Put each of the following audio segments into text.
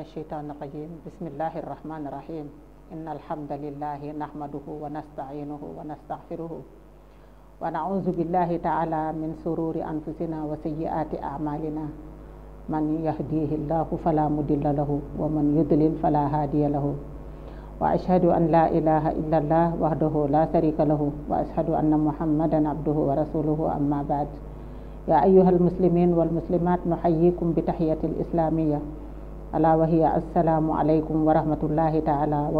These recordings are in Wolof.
الشيطان الرجيم بسم الله الرحمن الرحيم إن الحمد لله نحمده ونستعينه ونستغفره ونعوذ بالله تعالى من سرور أنفسنا وسيئات أعمالنا من يهديه الله فلا مضل له ومن يضلل فلا هادي له وأشهد أن لا إله إلا الله وحده لا شريك له وأشهد أن محمدا عبده ورسوله أما بعد يا أيها المسلمين والمسلمات نحييكم بتحية الإسلامية alaa wahiya assalaamu aleykum wa rahmatullahi taala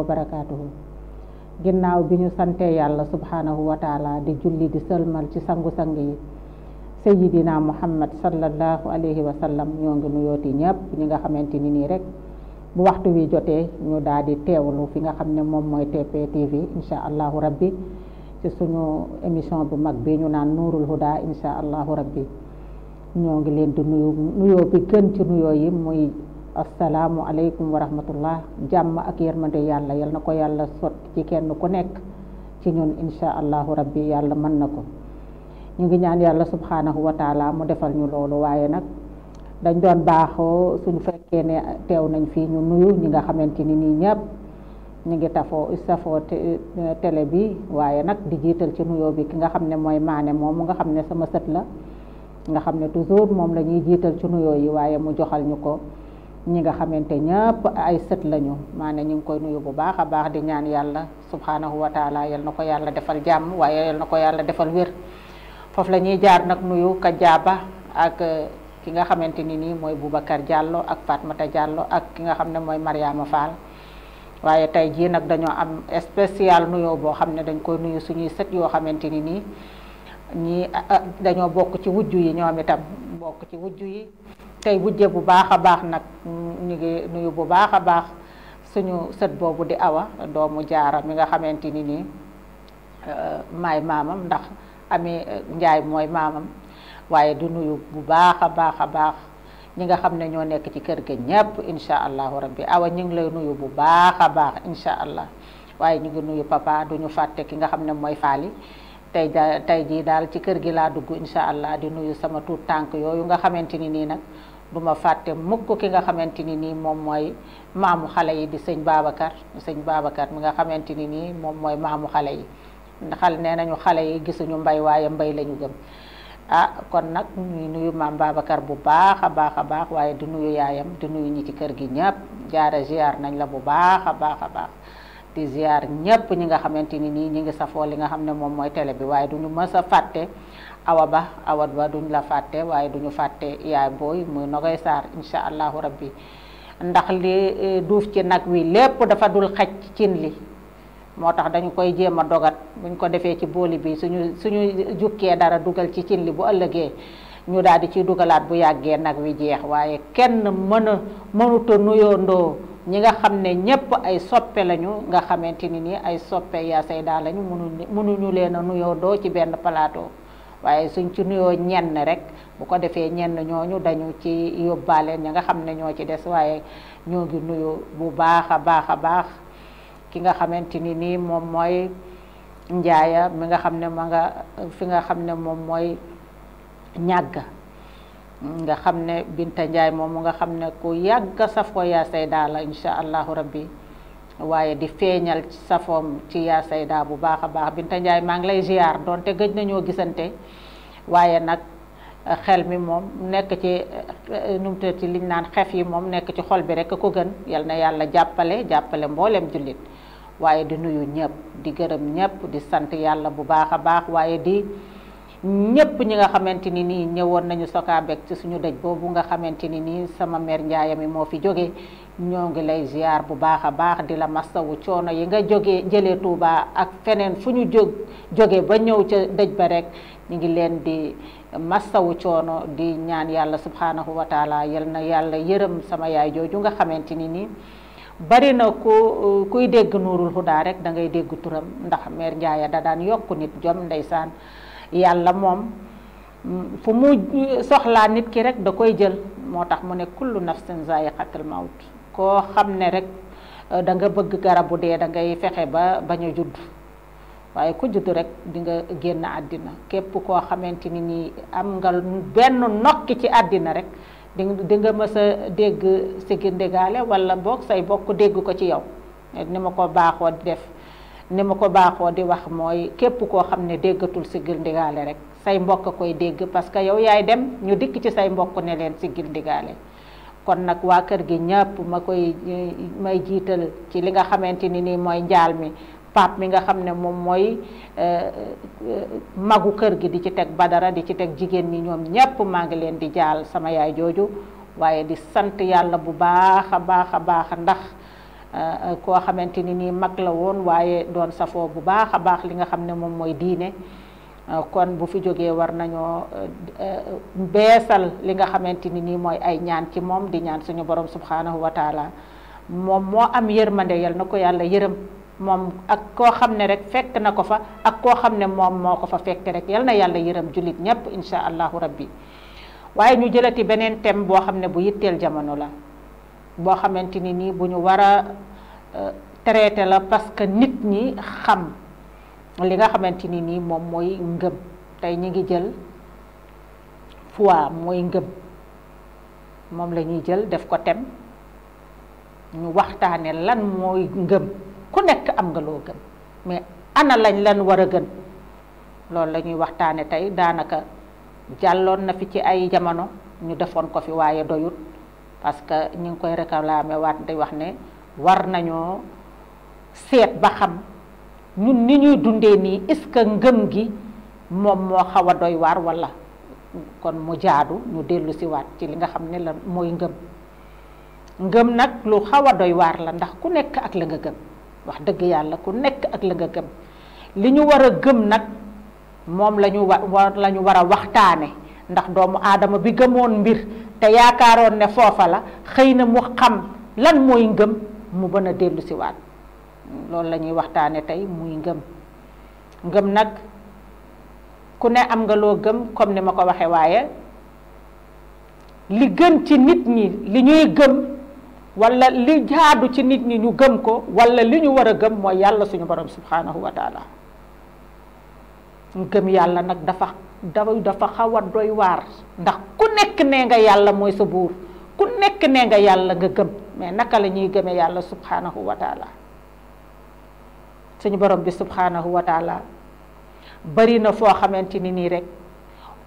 ginnaaw bi ñu santee yàlla subhaanahu wa taala di julli di sëlmal ci sangu-sang yi sayidina muhammad sallallahu alayhi wa sallam ñoo ngi nuyooti ñëpp ñi nga xamante ni nii rek bu waxtu wi jotee ñu daal di teewlu fi nga xam ne moom mooy TP TV incha allahu rabbi ci suñu émission bu mag bi ñu naan nuurul huda incha allahu rabbi ñoo ngi leen di nuyoo bi gën ci nuyoo yi muy asalaamu aleykum wa rahmatullah jàmm ak yërmande yàlla yal na ko yàlla sot ci kenn ku nekk ci ñun insha allahu rabbi yàlla mën na ko ñu ngi ñaan yàlla subhanahu wa taala mu defal ñu loolu waaye nag dañ doon baaxoo suñu fekkee ne teew nañ fii ñu nuyu ñi nga xamante ni nii ñëpp ñu ngi tafoo safoo tele eh, bi waaye nag di jiital ci nuyoo bi ki nga xam ne mooy maane moom mu nga xam ne sama sët la nga xam ne toujours moom la ñuy jiital ci nuyoo yi waaye mu joxal ñu ko ñi nga xamanté ñepp ay sët lañu mané ñing koy nuyu bu baaxa baax di ñaan yalla subhanahu wa taala yal nako yalla defal jamm waye yel nako yalla defal wër fof lañuy jaar nak nuyu ka jaaba ak eh, ki nga xamanté ni moy mooy Boubacar Diallo ak Fatmata Diallo ak ki nga xamné moy maryama Fall waye tay ji nak dañu am spécial nuyu bo xamné dañ koy nuyu suñuy sët yo xamanté ni ñi eh, eh, dañu bok ci wujju yi ñoom itam bok ci wujju yi tey wujje bu baax a baax nag ñu ngi nuyu bu baax a baax suñu sët boobu di awa doomu jaara mi nga xamante ni nii euh, maay maamam ndax ami euh, njaay mooy maamam waaye du nuyu bu baax a baax a baax ñi nga xam ne ñoo nekk ci kër ga ñépp incha allahu rabbi awa ñu ngi lay nuyu bu baax a baax incha allah waaye ñu ngi nuyu papa duñu fàtte ki nga xam ne mooy faali tey ja tey jii daal ci kër gi laa dugg incha allah di nuyu sama tuut tànk yooyu nga xamante ni nii nag du ma fàtte mukk ki nga xamante ni nii moom mooy maamu xale yi di sëñ Babacar sëñ Babacar mi nga xamante ni nii moom mooy maamu xale yi xal nee nañu xale yi gisuñu mbay waaye mbay lañu gëm ah kon nag ñuy nuyu maam Babacar bu baax a baax a baax waaye di nuyu yaayam di nuyu ñi ci kër gi ñëpp jaara ziar nañ la bu baax a baax a baax di ziar ñëpp ñi nga xamante ni nii ñi ngi safoo li nga xam ne moom mooy télé bi waaye duñu mës a fàtte awa ba awa ba duñ la fàtte waaye duñu fàtte yaay booy muy Nogoy saar incha allahu rabbi ndax li e, duuf ci nag wi lépp dafa dul xaj ci cin li moo tax dañu koy jéem a dogat buñ ko defee ci booli bi suñu suñu jukkee dara dugal ci cin li bu ëllëgee ñu daal di ciy dugalaat bu yàggee nag wi jeex waaye kenn mën mënuta nuyoondoo ñi nga xam ne ñépp ay soppe lañu nga xamante ni nii ay soppe yaa sayda lañu mënuñu mënuñu leen a nuyoo doo ci benn palaatoo waaye suñ ci nuyoo ñenn rek bu ko defee ñenn ñooñu dañu ci yóbbaale ñi nga xam ne ñoo ci des waaye ñoo ngi nuyu bu baax a baax a baax ki nga xamante ni nii moom mooy njaaya mi nga xam ne fi nga xam ne moom mooy ñàgg nga xam ne Binta Njaay moomu nga xam ne ku yàgg safoo yaasay daa la incha allahu rabbi waaye di feeñal safoom ci yaasay daa bu baax a baax Binta Njaay maa ngi lay ziar donte gëj nañoo gisante waaye nag eh, xel mi moom nekk ci eh, numte ci liñ naan xef yi moom nekk ci xol bi rek ko gën yal na yàlla jàppale jàppale mboolem jullit waaye di nuyu ñëpp di gërëm ñëpp di sant yàlla bu baax a baax waaye di ñepp ñi nga xamanteni ni nii ñëwoon nañu sokaabeg ci suñu dëj bobu nga xamanteni ni sama mère njaayami mo fi joggé ñoo lay ziar bu baaxa baax di la mastawu choono yi nga joggé jëlé Touba ak fenen fuñu ñu joggé ba ñew ci ba rek ñi ngi leen di mastawu choono di ñaan Yalla subhanahu wa taala yal na yàlla sama yaay joju nga xamanteni ni bari na ku kuy dégg nurul huda rek da ngay dégg turam ndax mère njaaya da daan yokku nit jom ndaysan yàlla moom fu mu soxlaa nit ki rek da koy jël moo tax mu ne kullu nafsin zaiqatul maut koo xam ne rek euh, da nga bëgg garabu dee da ngay fexe ba bañ a judd waaye ku judd rekk dinga génn àddina képp koo xamante ni nii am nga benn nokki ci àddina rek di dinga nga mës a dégg si ndégaale walla boog say bokk dégg ko ci yow ni ma ko baaxoo def ni ma ko baaxoo di wax mooy képp koo xam ne déggatul siggil ndigaale rek say mbokk a koy dégg parce que yow yaay dem ñu dikk ci say mbokk ne leen siggil ndigaale kon nag waa kër gi ñëpp ma koy e, may jiital ci li nga xamante ni nii mooy njaal mi paap mi nga xam ne moom mooy e, e, magu kër gi di ci teg badara di ci teg jigéen ñi ñoom ñëpp maa ngi leen di jaal sama yaay jooju waaye di sant yàlla bu baax a baax a baax ndax Euh, euh, koo xamante ni nii mag la woon waaye doon safoo bu baax a baax li nga xam ne moom mooy diine euh, kon bu fi jógee war nañoo beesal li nga xamante ni nii mooy ay ñaan ci moom di ñaan suñu borom subhanahu wa moom moo am yërmande yal na ko yàlla yërëm moom ak koo xam ne rek fekk na ko fa ak koo xam ne moom moo ko fa fekk rek yal na yàlla yërëm jullit ñépp incha allahu rabbi waaye ñu jëlati beneen thème boo xam ne bu yitteel jamono la bo xamanteni ni buñu wara euh, traité la parce que nit ñi xam li nga xamanteni ni mom moy mooy ngëm ñi ngi jël foi moy ngëm mom lañuy jël def ko tem ñu waxtane lan moy ngëm ku nekk am nga lo gëm mais ana lañ lan wara gën lool lañuy waxtane tay danaka jallon na fi ci ay jamono ñu defon ko fi waye doyut parce que ñu ngi koy réclamé waat di wax ne war nañoo seet ba xam ñun ni ñuy dundee nii est-ce que ngëm gi moom moo xaw a doy waar walla kon mu jaadu ñu dellu waat ci li nga xam ne la mooy ngëm ngëm nag lu xaw a doy waar la ndax ku nekk ak la nga gëm wax dëgg yàlla ku nekk ak la nga gëm li ñu war a gëm nag moom la ñu wa la ñu war a waxtaane ndax doomu aadama bi gëmoon mbir te yaakaaroon ne foofa la xëy na mu xam lan mooy ngëm mu bën a dellu si loolu la ñuy waxtaane tey muy ngëm ngëm nag ku ne am nga loo gëm comme ni ma ko waxe waaye li gën ci nit ñi li ñuy gëm wala li jaadu ci nit ñi ñu gëm ko walla li ñu war a gëm mooy yàlla suñu borom subhanahu wa mu gëm yàlla nag dafa dafa dafa xaw a doy waar ndax ku nekk nee nga yàlla mooy sa buur ku nekk nee nga yàlla nga gëm mais naka la ñuy gëmee yàlla subhaanahu wa taala suñu borom bi subhaanahu wa bari na foo xamante ni nii rek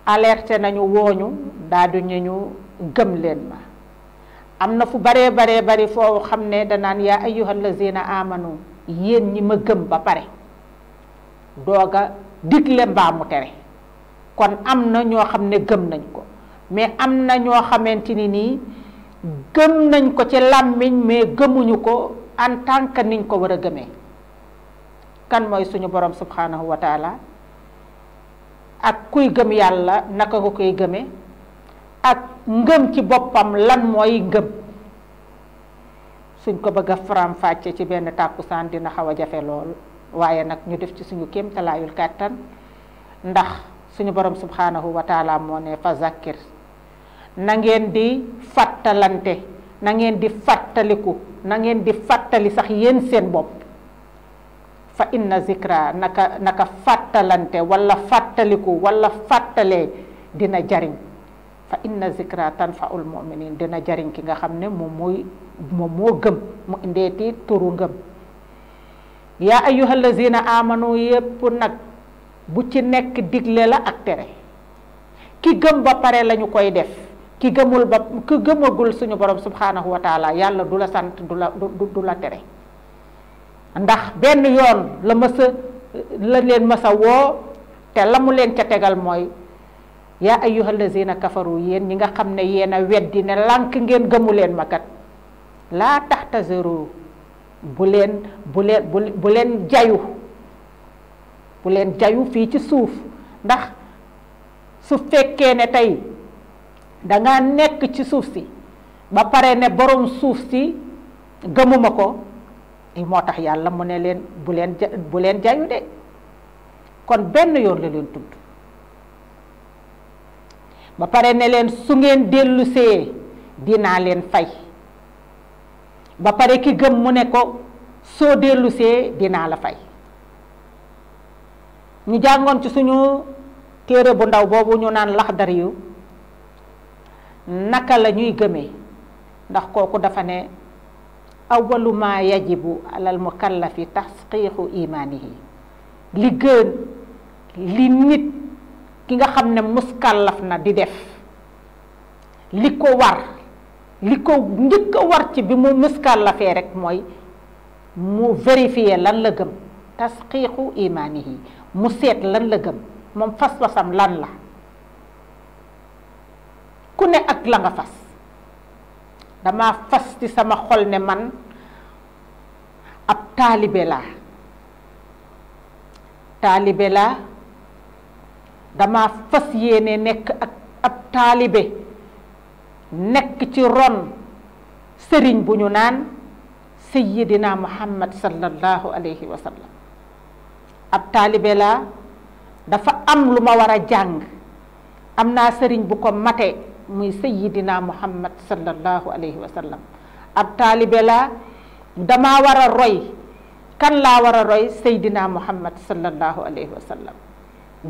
alerté nañu wooñu daa du ñu gëm leen ma am na fu baree baree bari foo xam ne danaan yaa ayyuhal lazina amanu yéen ñi ma gëm ba pare dooga digle mbaa mu tere kon amna ño xamne ne gëm nañ ko mais amna ño xamanteni ni gëm nañ ko ci lamiñ mais gëmuñu ko en tant que niñ ko wara gëmé kan moy suñu borom subhanahu wa taala ak kuy gëm yalla naka ko koy gëmé ak ngëm ci bopam lan moy ngëm suñ ko bëgg faram fàcce ci benn takusan dina xawa jafé lool waye nak ñu def ci suñu kéemtalaayul katan ndax suñu borom subhanahu wa ta'ala mo ne fa zakir na ngeen di fatalante na ngeen di fataliku na ngeen di fatali sax yeen seen bop fa inna zikra naka naka fatalante wala fataliku wala fatale dina jariñ fa inna zikra tanfaul muminin dina jariñ ki nga xamne mom moy mom mo gem mu indeeti turu gem ya ayuha amanu yépp nak bu ci nek diglé la ak téré ki gëm ba paré lañu koy def ki gëmul ba ku gëmagul suñu borom subhanahu wa taala yalla dula sant dula dula, dula téré ndax ben yoon la mësa la leen mësa wo té la leen ca tégal moy ya kafaru ñi nga xamné wéddi né lank ngeen leen bu leen bu leen bu leen jayu bu leen jayu fii ci suuf ndax su fekkee ne tey danga nekk ci suuf si ba pare ne borom suuf si gëmuma ko moo tax yàlla mu ne leen bu leen ja jayu de kon benn yoon la leen tudd ba pare ne leen su ngeen dellusee dinaa leen fay ba pare ki gëm mu ne ko soo dellusee dinaa la fay ñu jàngoon ci suñu téere bu ndaw boobu ñu naan laxdar yu naka la ñuy gëmee ndax kooku dafa ne awalu ma yajibu alal mukallafi tasqiixu imaanihi li gën li nit ki nga xam ne muskallaf na di def li ko war li ko njëkk a war ci bi mu muskallafee rek mooy mu vérifier lan la gëm tasqiixu imaanihi mu seet lan la gëm moom fas fasam lan la ku ne ak la nga fas dama fas ci sama xol ne man ab taalibe laa taalibe laa dama fas yéene nekk ak ab taalibe nekk ci ron sëriñ bu ñu naan sayyidina muhammad sallallahu alayhi wa sallam ab taalibe laa dafa am lu ma war a jàng am naa sëriñ bu ko mate muy sayyidina muhammad sallallahu alayhi wa ab taalibe la dama war a roy kan laa war a roy sayyidina muhammad sallallahu alayhi wa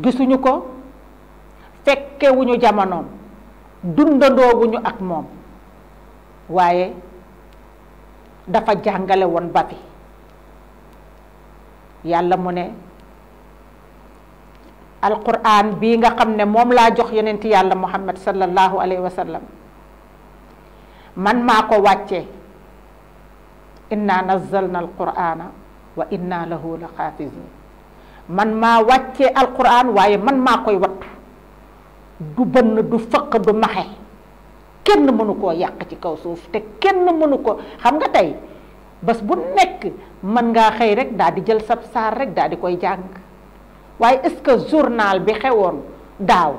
gisuñu ko fekkewuñu jamonoom dundandoowuñu ak moom waaye dafa jàngale woon ba fi yàlla mu ne alquran bii nga xam ne moom laa jox yonent yàlla muhammad sallallahu alayhi wa sallam man maa ko wàccee inna nazzalna alqur'ana wa inna la xaafizun man maa wàccee alquran waaye man maa koy wattu du bënn du fëq du maxe kenn mënu koo yàq ci kaw suuf te kenn mënu ko xam nga tey bés bu nekk mën ngaa xëy rek daal di jël sab saar rek daal di koy jàng waaye est-ce que journal bi xewoon daaw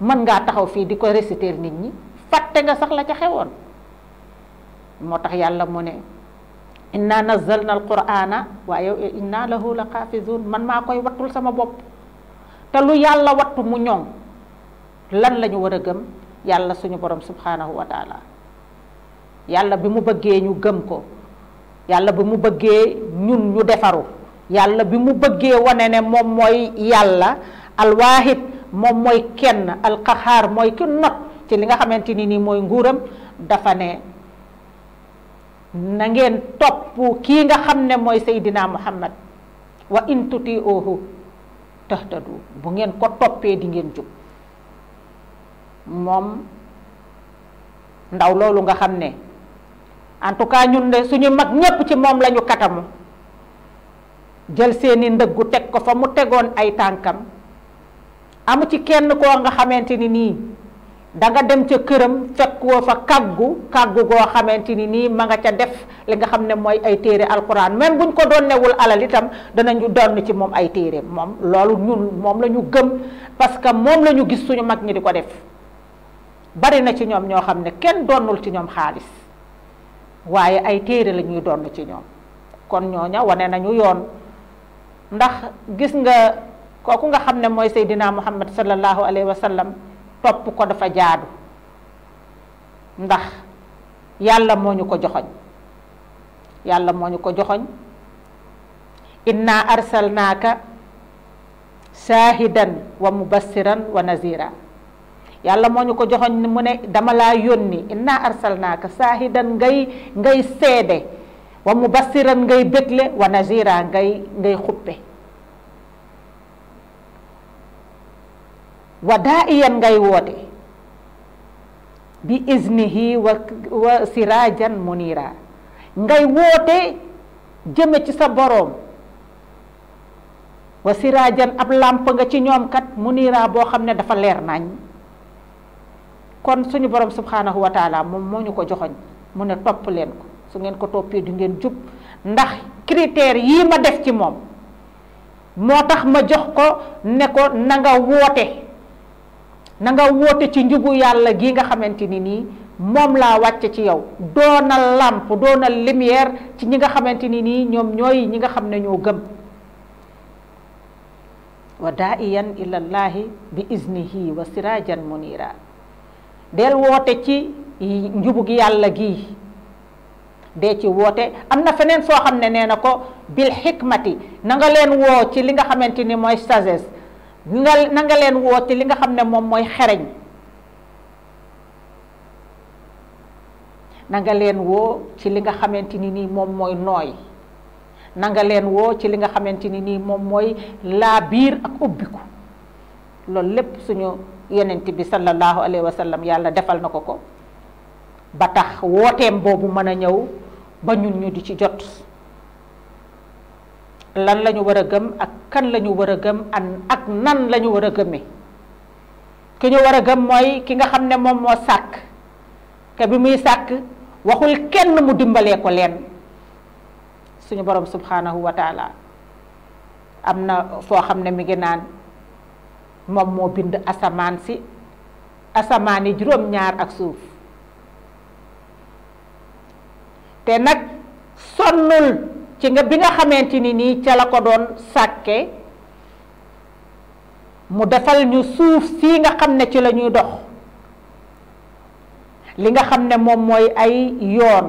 mën ngaa taxaw fii di ko réciter nit ñi fàtte nga sax la ca xewoon moo tax yàlla mu ne inna nazzalna alqur'ana waaye eh, inna lahu la xaafizun man maa koy wattul sama bopp te lu yàlla wattu mu ñoŋ lan lañu war a gëm yàlla suñu borom subhanahu wa taala yàlla bi mu bëggee ñu gëm ko yàlla bi mu bëggee ñun ñu defaru yàlla bi mu bëggee wane ne moom mooy yàlla alwaahid moom mooy kenn alqaxaar mooy ki not ci li nga xamante ni nii mooy nguuram dafa ne na ngeen topp kii nga xam ne mooy Seydina Muhammad wa in tutiuhu tahtadu bu ngeen ko toppee di ngeen jóg moom ndaw loolu nga xam ne en tout cas ñun suñu mag ñépp ci moom lañu katamu jël seeni ndëggu teg ko fa mu tegoon ay tànkam am ci kenn koo nga xamante ni nii danga dem ca këram fekk woo fa kàggu kàggu goo xamante ni nii ma nga ca def li nga xam ne mooy ay téere alquran même buñ ko donnewul newul alal itam danañu donn ci moom ay téere moom loolu ñun moom la ñu gëm parce que moom lañu gis suñu mag ñi di ko def bari na ci ñoom ñoo xam ne kenn donnul ci ñoom xaalis waaye ay téere lañuy ñuy donn ci ñoom kon ñooña wane nañu yoon ndax gis nga kooku nga xam ne mooy Seydina Muhammad sallallahu alayhi wa sallam topp ko dafa jaadu ndax yàlla moo ñu ko joxoñ yàlla moo ñu ko joxoñ inna arsalnaaka shaahidan wa mubassiran wa nazira yàlla moo ñu ko joxoñ mu ne dama laa yónni inna arsalnaaka shaahidan ngay ngay seede wa mubassiran ngay bégle wa nazira ngay ngay xuppe wa daa'iyan ngay woote bi iznihi wa wa sirajan munira ngay woote jëme ci sa boroom wa sirajan ab làmp nga ci ñoom kat munira boo xam ne dafa leer nañ kon suñu boroom subhanahu wa moom moo ñu ko joxoñ mu ne topp leen ko su ngeen ko topé di ngeen jup ndax critère yi ma def ci mom motax ma jox ko ne ko na nga woté na nga woté ci njubu yalla gi nga xamanteni ni mom la wacc ci yow doona lamp doona lumière ci ñi nga xamanteni ni ñom ñoy ñi nga xamne ñoo gëm wa ila allah bi iznihi wa sirajan munira del wote ci njubu gi yalla gi dee ci woote am na feneen foo xam ne nee na ko bil xikmati na leen woo ci li nga xamante ni mooy sagesse nga na leen woo ci li nga xam ne moom mooy xereñ na leen woo ci li nga xamante ni nii moom mooy nooy na nga leen woo ci li nga xamante ni nii moom mooy laa biir ak ubbiku loolu lépp suñu yonent bi sallallahu alayhi wa yàlla defal na ko ko ba tax wooteem boobu mën a ñëw ba ñun ñu di ci jot lan lañu war a gëm ak kan lañu war a gëm ak nan lañu war a gëmee ki ñu war a gëm mooy ki nga xam ne moom moo sàkk te bi muy sàkk waxul kenn mu dimbalee ko leen suñu borom subhanahu wa taala am na foo xam ne mi ngi naan moom moo bind asamaan si asamaan yi juróom-ñaar ak suuf te nag sonnul ci nga bi nga xamante ni nii ca la ko doon sàkke mu defal ñu suuf sii nga xam ne ci lañuy dox li nga xam ne moom mooy ay yoon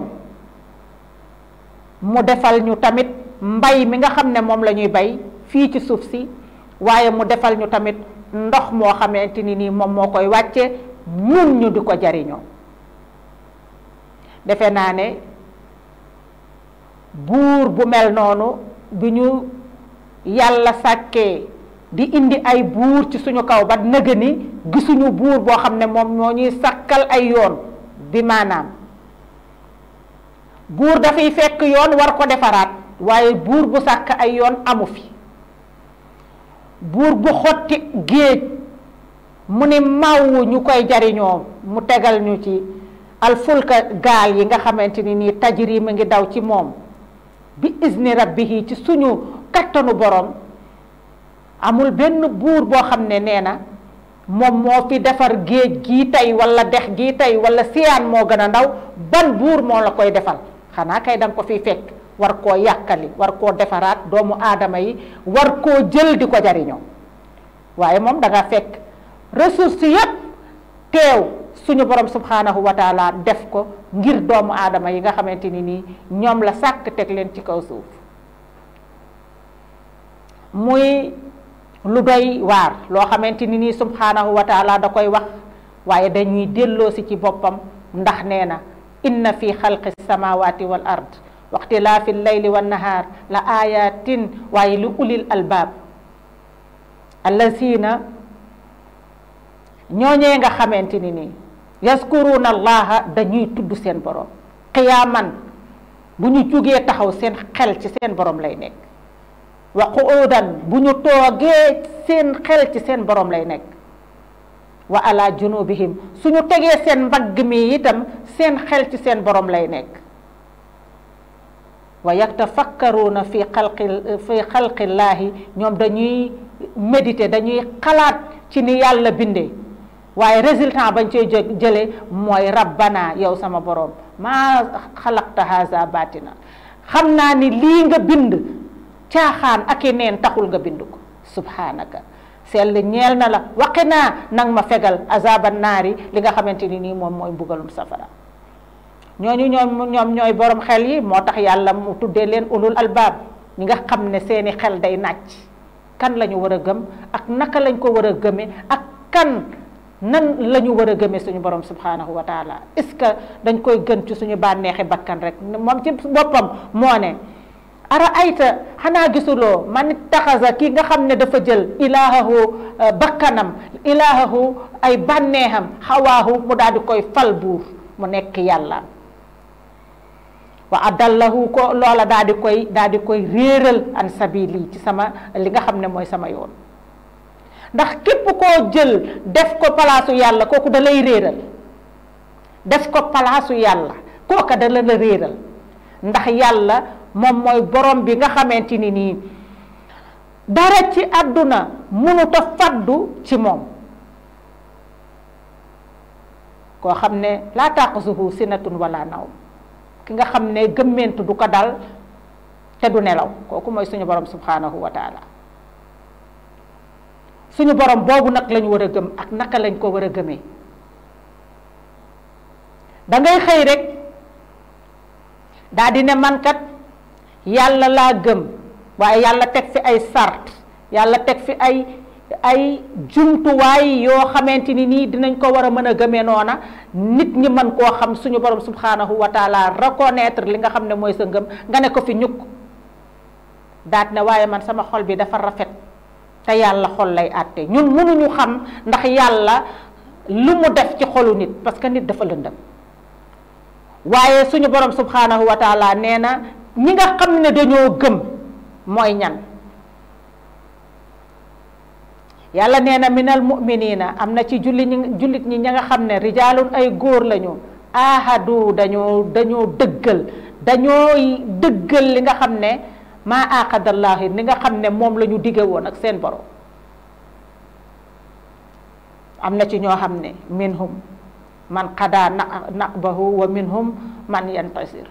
mu defal ñu tamit mbay mi nga xam ne moom lañuy bay fii ci suuf si waaye mu defal ñu tamit ndox moo xamante ni nii moom moo koy wàcce ñun ñu di ko jariñoo defe naa ne buur bu mel noonu bi ñu yàlla sàkkee di indi ay buur ci suñu kaw ba nëgë ni gisuñu buur boo xam ne moom moo ñuy sàkkal ay yoon bi maanaam buur dafay fekk yoon war ko defaraat waaye buur bu sàkk ay yoon amu fi buur bu xotti géej mu ne màwwu ñu koy jariñoo mu tegal ñu ci alfulka gaal yi nga xamante ni nii tajir yi mu ngi daw ci moom bi izni rabbihi ci suñu kattanu borom amul benn buur boo xam ne nee na moom moo fi defar géej gii tey walla dex gi tey walla siyaan moo gën a ndaw ban buur moo la koy defal xanaa kay da ko fiy fekk war koo yàkkali war koo defaraat doomu aadama yi war koo jël di ko jariñoo waaye moom da nga fekk ressource yépp teew suñu borom subhanahu wa taala def ko ngir doomu adama yi nga xamanteni ni ñom la sak tek leen ci kaw suuf muy lu doy war lo xamanteni ni subhanahu wa taala da koy wax waye dañuy delloosi ci ci bopam ndax neena inna fi khalqis samawati wal ard waxtilaafi llayli wannahaar la ayatin waaye li ulil albaab allazina ñooñee nga xamanteni ni yaskuruuna allaha dañuy tudd seen borom qiyaaman bu ñu jógee taxaw seen xel ci seen borom lay nekk wa qu'udan bu ñu toogee seen xel ci seen boroom lay nekk wa ala junubihim suñu tegee seen mbagg mi itam seen xel ci seen boroom lay nekk wa yatafakkaruuna fi xalqi fi xalqillaahi ñoom dañuy méditer dañuy xalaat ci ni yàlla bindee waye résultat bañ cey jëlé moy rabbana yow sama borom ma khalaqta haza batina xamna ni li nga bind caaxaan ak neen taxul nga bind ko subhanaka sel ñeel na la waqina nang ma fegal azaban nari li nga xamanteni ni mom moy mooy mbugalum safara ñooñu ñoom ñom ñoy borom xel yi motax yalla mu tuddé len ulul albab ñi nga xamné seeni xel day nacc kan lañu wara gëm ak naka lañ ko wara gëmé ak kan nan la ñu war a gëmee suñu borom subhanahu wa taala est-ce que dañ koy gën ci suñu bànneexi bakkan rek moom ci boppam moo ne ara ayta xanaa gisuloo man taxasa kii nga xam ne dafa jël ilaahahu eh, bakkanam ilaahahu ay bànneexam xawaahu mu daal di koy fal buur mu nekk yàlla wa adallahu ko loola daal koy daal koy réeral an sabili ci sama li nga xam ne mooy sama yoon ndax képp koo jël def ko palaasu yàlla kooku da lay réeral def ko palaasu yàlla kooka da la la réeral ndax yàlla moom mooy borom bi nga xamante ni nii dara ci àdduna mënuta faddu ci moom koo xam ne laa taqasuhu sinatun wala naw ki nga xam ne gëmmentu du ko dal te du nelaw kooku mooy suñu borom subhanahu wa suñu borom boobu nag lañu war a gëm ak naka lañ koo war a gëmee da xëy rek daldi di ne man yàlla laa gëm waaye yàlla teg fi ay sart yàlla teg fi ay ay jumtuwaay yoo xamante ni nii dinañ koo war a mën a gëmee noona nit ñi mën koo xam suñu borom subhanahu wa taala reconnaître li nga xam ne mooy sa gëm nga ne ko fi ñukk daat ne waaye man sama xol bi dafa rafet te yàlla xol lay àtte ñun mënuñu xam ndax yàlla lu mu def ci xolu nit parce que nit dafa lëndëm waaye suñu borom subhanahu wa taala nee na ñi nga xam ne dañoo gëm mooy ñan yàlla nee na minal muminina am na ci julli ñi jullit ñi ña nga xam ne rijaalun ay góor lañu ahadu dañoo dëggal dañoo dëggal li nga xam ne maa aaqadallaahi ni nga xam ne moom la ñu dige woon ak seen borom am na ci ñoo xam ne minhum man qadaa naq naqbahu wa minhum man yantasir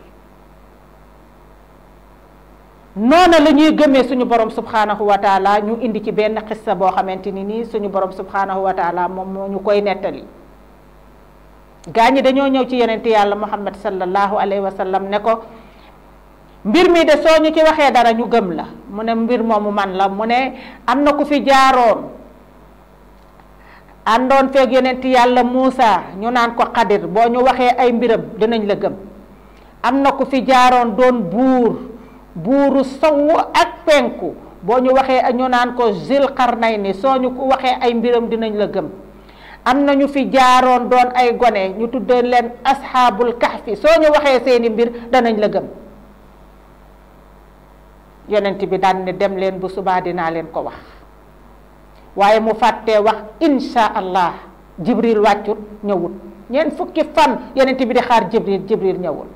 noona lañuy ñuy gëmee suñu borom subhanahu wa taala ñu indi ci benn xissa boo xamante ni nii suñu borom subhanahu wa taala moom moo ñu koy nettali gaa ñi dañoo ñëw ci yeneen yonent yàlla muhammad sallallahu alayhi wa sallam ne ko mbir mii de soo ñu ci waxee dara ñu gëm la mu ne mbir moomu man la mu ne am na ku fi jaaroon àndoon feeg yonent yàlla Muusa ñu naan ko Xadir boo ñu waxee ay mbiram dinañ la gëm am na ku fi jaaroon doon ak penku boo ñu waxee ñu naan ko Zulqarnayni soo ñu ko waxee ay mbiram dinañ la gëm am na ñu fi jaaroon doon ay gone ñu tuddee leen asxaabul kahfi soo ñu waxee seeni mbir danañ la gëm yonent bi daan ne dem leen bu subaa dinaa leen ko wax waaye mu fàttee wax insha allah jibril wàccut ñëwut ñeent fukki fan yonent bi di xaar jibril jibril ñëwul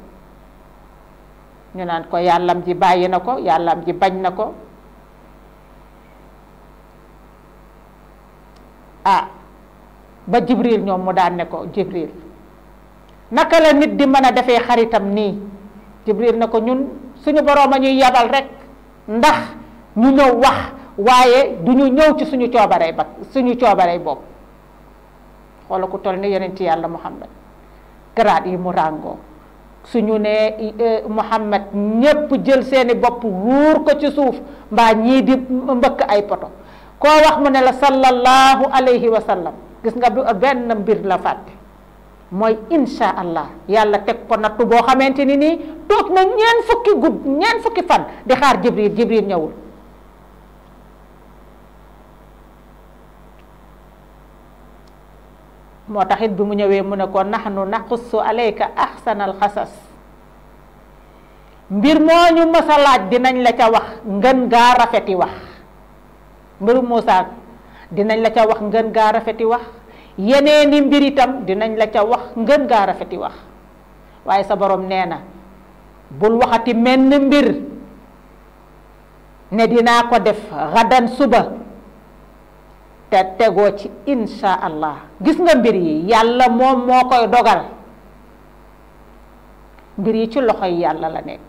ñu naan ko yàllam ji bàyyi na ko yàllam ji bañ na ko ah ba jibril ñoom mu daan ne ko jibril naka la nit di mën a defee xaritam nii jibril na ko ñun suñu boroom a ñuy yabal rek ndax ñu ñëw wax waaye du ñu ñëw suñu coobaree ba suñu coobaree boobu xoola ku toll ne yonent yàlla Muhammad grade yi mu ràngoo suñu ne eh, Muhammad ñépp jël seeni bopp wuur ko ci suuf mbaa ñii di mbëkk ay poto koo wax mu ne la sallallahu alayhi wa sallam gis nga benn mbir la fàtte Moy, insha allah yalla tek ko nattu bo xamanteni ni tok na ñen fukki gudd ñen fukki fan di xaar jibril jibril ñewul motaxit tax bi mu ñewé mu ne ko nahnu naqussu alayka ahsanal xasas mbir moo ñu mës laaj dinañ la ca wax ngeen ga rafeti wax mbir dinañ la ca wax ngeen ga rafeti wax yeneeni mbir itam dinañ la ca wax ngën gaa rafeti wax waaye sa boroom nee na bul waxati menn mbir ne dinaa ko def xadan suba te tegoo ci insha allah gis nga mbir yi yàlla moom moo koy dogal mbir yi ci loxo yi yàlla la nekk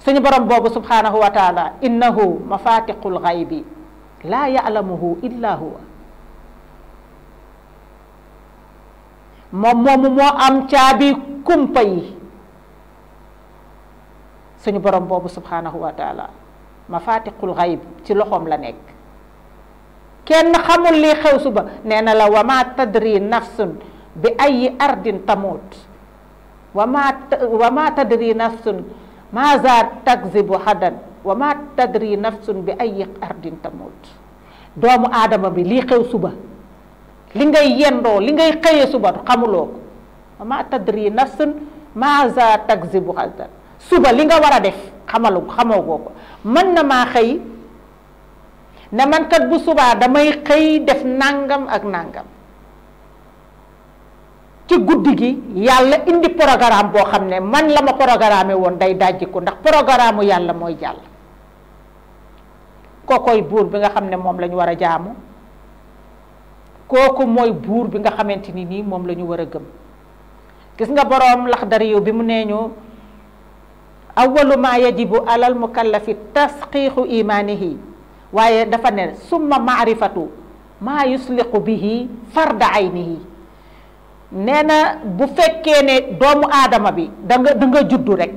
suñu borom boobu subhanahu wa taala innahu mafatixul xaybi laa ya'lamuhu illa huwa moom moomu moo am caabi kumpa yi suñu borom boobu subhanahu wa taala mafatixul xayb ci loxoom la nekk kenn xamul li xew suba nee na la wa tadri nafsun bi ayi ardin tamut wa ma tadri nafsun maza takzibu hadan wa tadri nafsun bi ayi ardin tamut doomu aadama bi lii xew suba li ngay yendoo li ngay xëyee suba xamuloo ko ma tadri nafsun maaza takzibu xasdan suba li nga war a def xamalu xamoogoo ko mën na maa xëy ne man kat bu subaa damay xëy def nàngam ak nàngam ci guddi gi yàlla indi programme boo xam ne man la ma programme woon day dajjiku ndax programme yàlla mooy jàll kookoy buur bi nga xam ne moom la war a jaamu koku moy buur bi nga xamanteni ni mom lañu la gëm gis nga lakh dari yu bi mu nee ñu ma yajibu alal mukallafi tasqiixu imanihi waye dafa ne summa ma'rifatu, ma yusliqu bihi fard aynihi neena bu fekke ne doomu adama bi da nga da nga juddu rek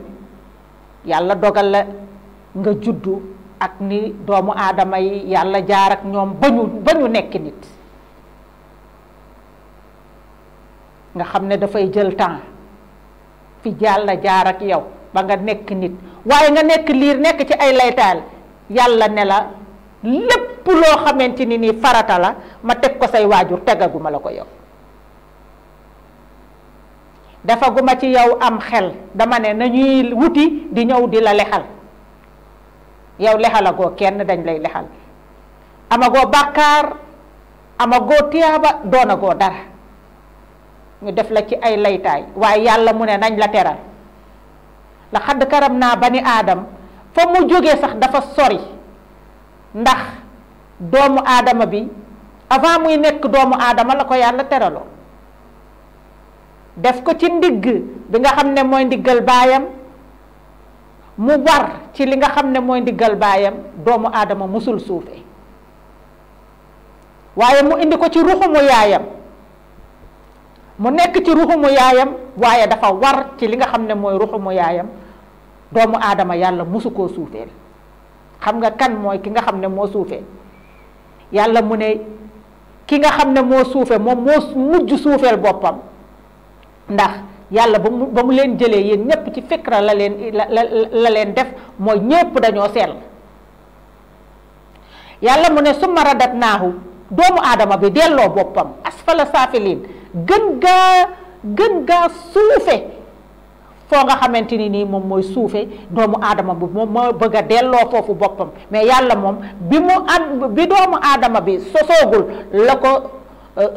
yalla dogal la nga juddu ak ni doomu adama yi yalla jaar ak ñom bañu bañu nek nit nga xam ne dafay jël temps fi jàlla jaar ak yow ba nga nekk nit waaye nga nekk liir nekk ci ay laytaal yàlla ne la lépp loo xamante ni nii farata la ma teg ko say waajur tegaguma la ko yow dafaguma ci yaw am xel dama ne nañuy wuti di ñëw di la lexal yow lexalagoo kenn dañ lay lexal amagoo bàkkaar amagoo tiyaaba doonagoo dara ñu def la ci ay laytaay waaye yàlla mu ne nañ la teral la xadd karam naa bani aadam fa mu jógee sax dafa sori ndax doomu aadama bi avant muy nekk doomu aadama la ko yàlla teraloo def ko ci ndigg bi nga xam ne mooy ndiggal baayam mu war ci li nga xam ne mooy ndiggal baayam doomu aadama mosul suufe waaye mu indi ko ci ruxumu yaayam mu nekk ci ruxumu yaayam waaye dafa war ci li nga xam ne mooy ruxumu yaayam doomu aadama yàlla musu koo suufeel xam nga kan mooy ki nga xam ne moo suufee yàlla mu ne ki nga xam ne moo suufe moom moo mujj suufeel boppam ndax yàlla ba mu ba mu leen jëlee yéen ñépp ci fikra la leen la la leen def mooy ñépp dañoo sell yàlla mu ne su ma radat naahu doomu aadama bi delloo boppam asfala saafiliin gën ga gën ga suufe fo nga xamanteni ni mom moy mooy doomu adama bu mom mo bëgga a fofu bopam mais yalla mom bi mu ad bi doomu adama bi sosogul lako euh,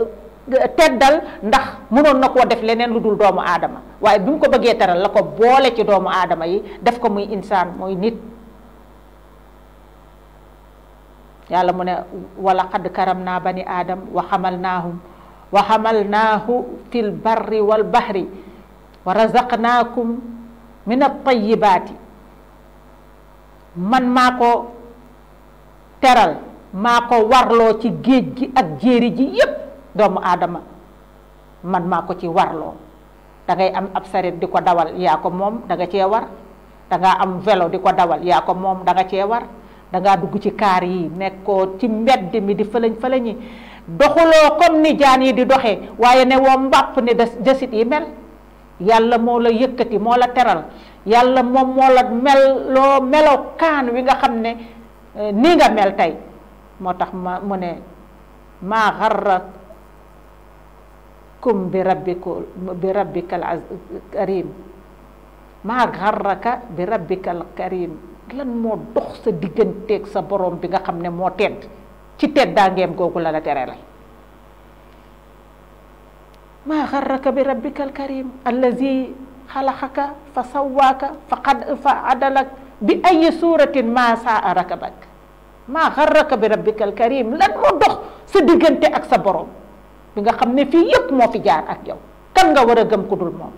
euh, teddal ndax mënon nako def leneen luddul doomu adama waye mu ko bëggee teral lako ko boole ci doomu adama yi def ko muy insaan moy nit yalla mu ne wala qad karam bani adam wa hamalnahum waxamal hamalnaahu fil barri wal baxri wara bahri wa razaqnaakum min at-tayyibaati man maa ko teral maa ko warloo ci géej gi ak jéeri ji yépp doomu aadama man maa ko ci warloo dangay am ab saret di ko dawal yaa ko moom danga cee war danga am vélo di ko dawal yaa moom da cee war da dugg ci kaar yi nekkoo ci mbedd mi di fëlañ fëlañi doxuloo comme ni yi di doxe waaye ne woo mbàpp ni des jasit yi mel yàlla moo la yëkkati moo la teral yàlla moom moo la mel loo meloo wi nga xam ne eh, nii nga mel tey moo tax ma mu ne maa garrakum bi rabbikul bi rabbikal karim maa garraka bi rabbikal karim lan moo dox sa digganteeg sa borom bi nga xam ne moo tedd ci teddaangeem googu la la terale maa xarraka bi rabbikal karim allazi xalaxaka fa sawaaka fa xad bi ay suuratin maa saa rakabak maa xarraka bi rabbikal karim lan moo dox sa diggante ak sa borom bi nga xam ne fii yëpp moo fi jaar ak yow kan nga war a gëm ku dul moom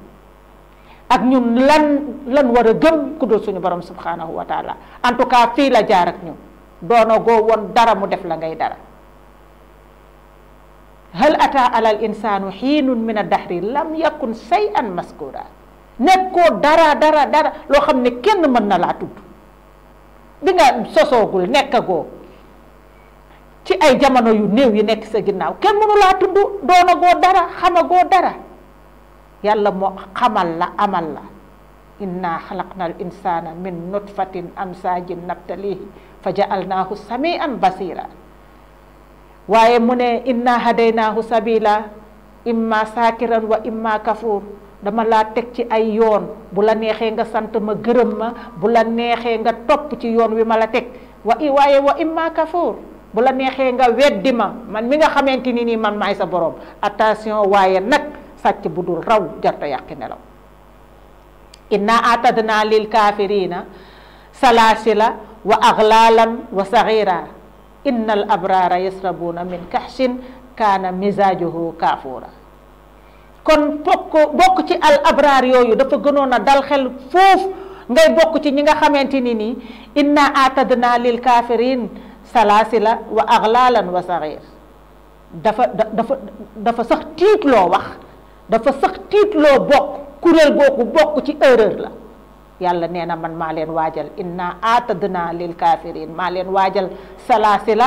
ak ñun lan lan war a gëm ku dul suñu borom subhanahu wa taala en tout cas fii la jaar ak ñun doono goo woon dara mu def la ngay dara hal ata alal insaanu xiinun min a dahri lam yakun say an maskura nekkoo dara dara dara loo xam ne kenn mën na laa tudd bi nga sosoogul nekkagoo ci ay jamono yu néew yi nekk sa ginnaaw kenn mënu laa tudd doonagoo dara xamagoo dara yàlla moo xamal la amal la inna xalaqna na insana min nutfatin amsaajin nabtalihi فجعلناه سميعا بصيرا واي من ان هديناه سبيلا اما ساكرا واما كفور wa imma kafur dama laa teg ci ay yoon bu la neexee nga sant ma gërëm ma bu la neexee nga top ci yoon wi ma la teg wa i waye wa imma kafur bu la neexee nga weddi ma man mi nga xamanteni ni man may sa borom attention waye nak sàcc bu dul raw jarta yàqi nelaw inna atadna lil kafirina salasila وأغلالا وصغيرا إن الأبرار يشربون من كحس كان مزاجه كافورا كون بوكو bokk ci al abraar yooyu dafa gënoon a dal ngay bokk ci ñinga xamanteni ni inna atadna lil kafirin salasila wa aghlalan wa sagir dafa dafa dafa sax tit lo wax dafa sax tit lo bok kurel googu bokk ci erreur la yàlla nee na man maa leen waajal inna atadna lil kafirin maa leen waajal salaasila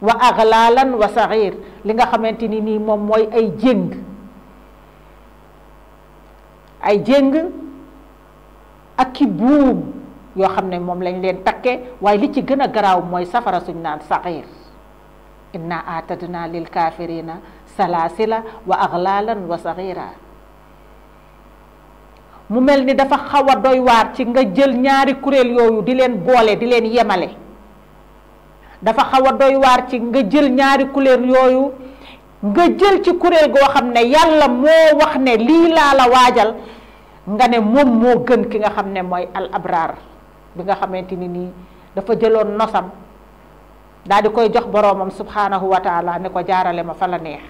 wa aglalan wa saxiir li nga xamante ni nii moom mooy ay jéng ay jéng ak ki buum yoo xam ne moom lañ leen takke waaye li ci gën a garaaw mooy safara suñ naan saxiir inna atadna lil kafirina salaasila wa aglalan wa saxiira mu mel ni dafa xaw a doy waar ci nga jël ñaari kuréel yooyu di leen boole di leen yemale dafa xaw a doy waar ci nga jël ñaari kuréel yooyu nga jël ci kuréel goo xam ne yàlla moo wax ne lii laa la waajal nga ne moom moo gën ki nga xam ne mooy al abrar bi nga xamante ni nii dafa jëloon nosam daal di koy jox boromam subhanahu wa taala ne ko jaarale ma fa la neex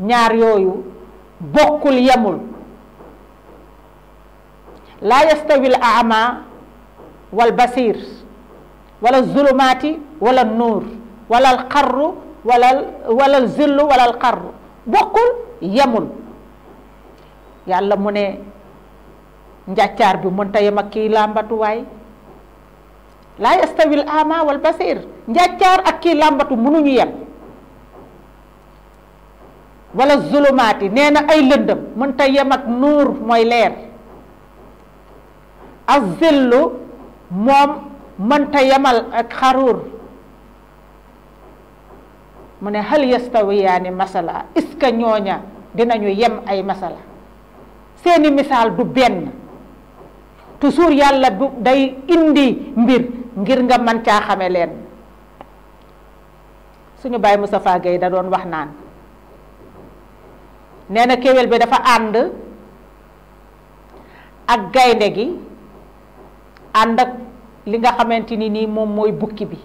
ñaar yooyu bokkul yemul لا يستوي الأعمى والبصير ولا الظلمات ولا النور ولا القر ولا ولا الذل ولا القر بقول يمل يلا موني نجاتار بي مونتا يمكي لامباتو واي لا يستوي الأعمى والبصير نجاتار أكي لامباتو منو يم ولا الظلمات نينا أي لندم مونتا يمك نور موي azillu moom mënta yemal ak xaruur mu ne hal yastawiyaani masala est-ce que ñooña dinañu yem ay masala seeni misaal du benn toujours yàlla bu day indi mbir ngir nga mën caa xame leen suñu baay Moustapha Gueye da doon wax naan nee na kéwél bi dafa ànd ak gaynde gi ànd ak li nga xamante ni nii moom mooy bukki bi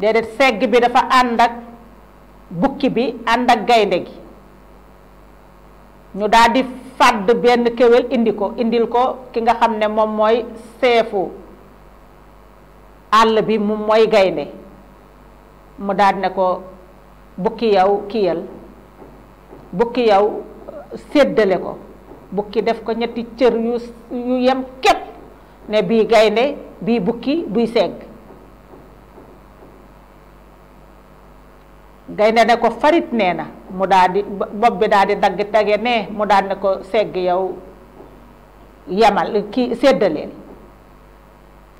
déedéet segg bi dafa ànd ak bukki bi ànd ak gaynde gi ñu daldi fàdd benn kéwél indi ko indil ko ki nga xam ne moom mooy seefu àll bi moom mooy gaynde mu daal ne ko bukki yow kiyal bukki yow séddale ko bukki def ko ñetti cër yu yem képp ne bii gaynde bii bukki buy segg gaynde ne ko farit nee na mu daal di bopp bi daal di dagg tege ne mu daal ne ko segg yow yemal ki séddaleel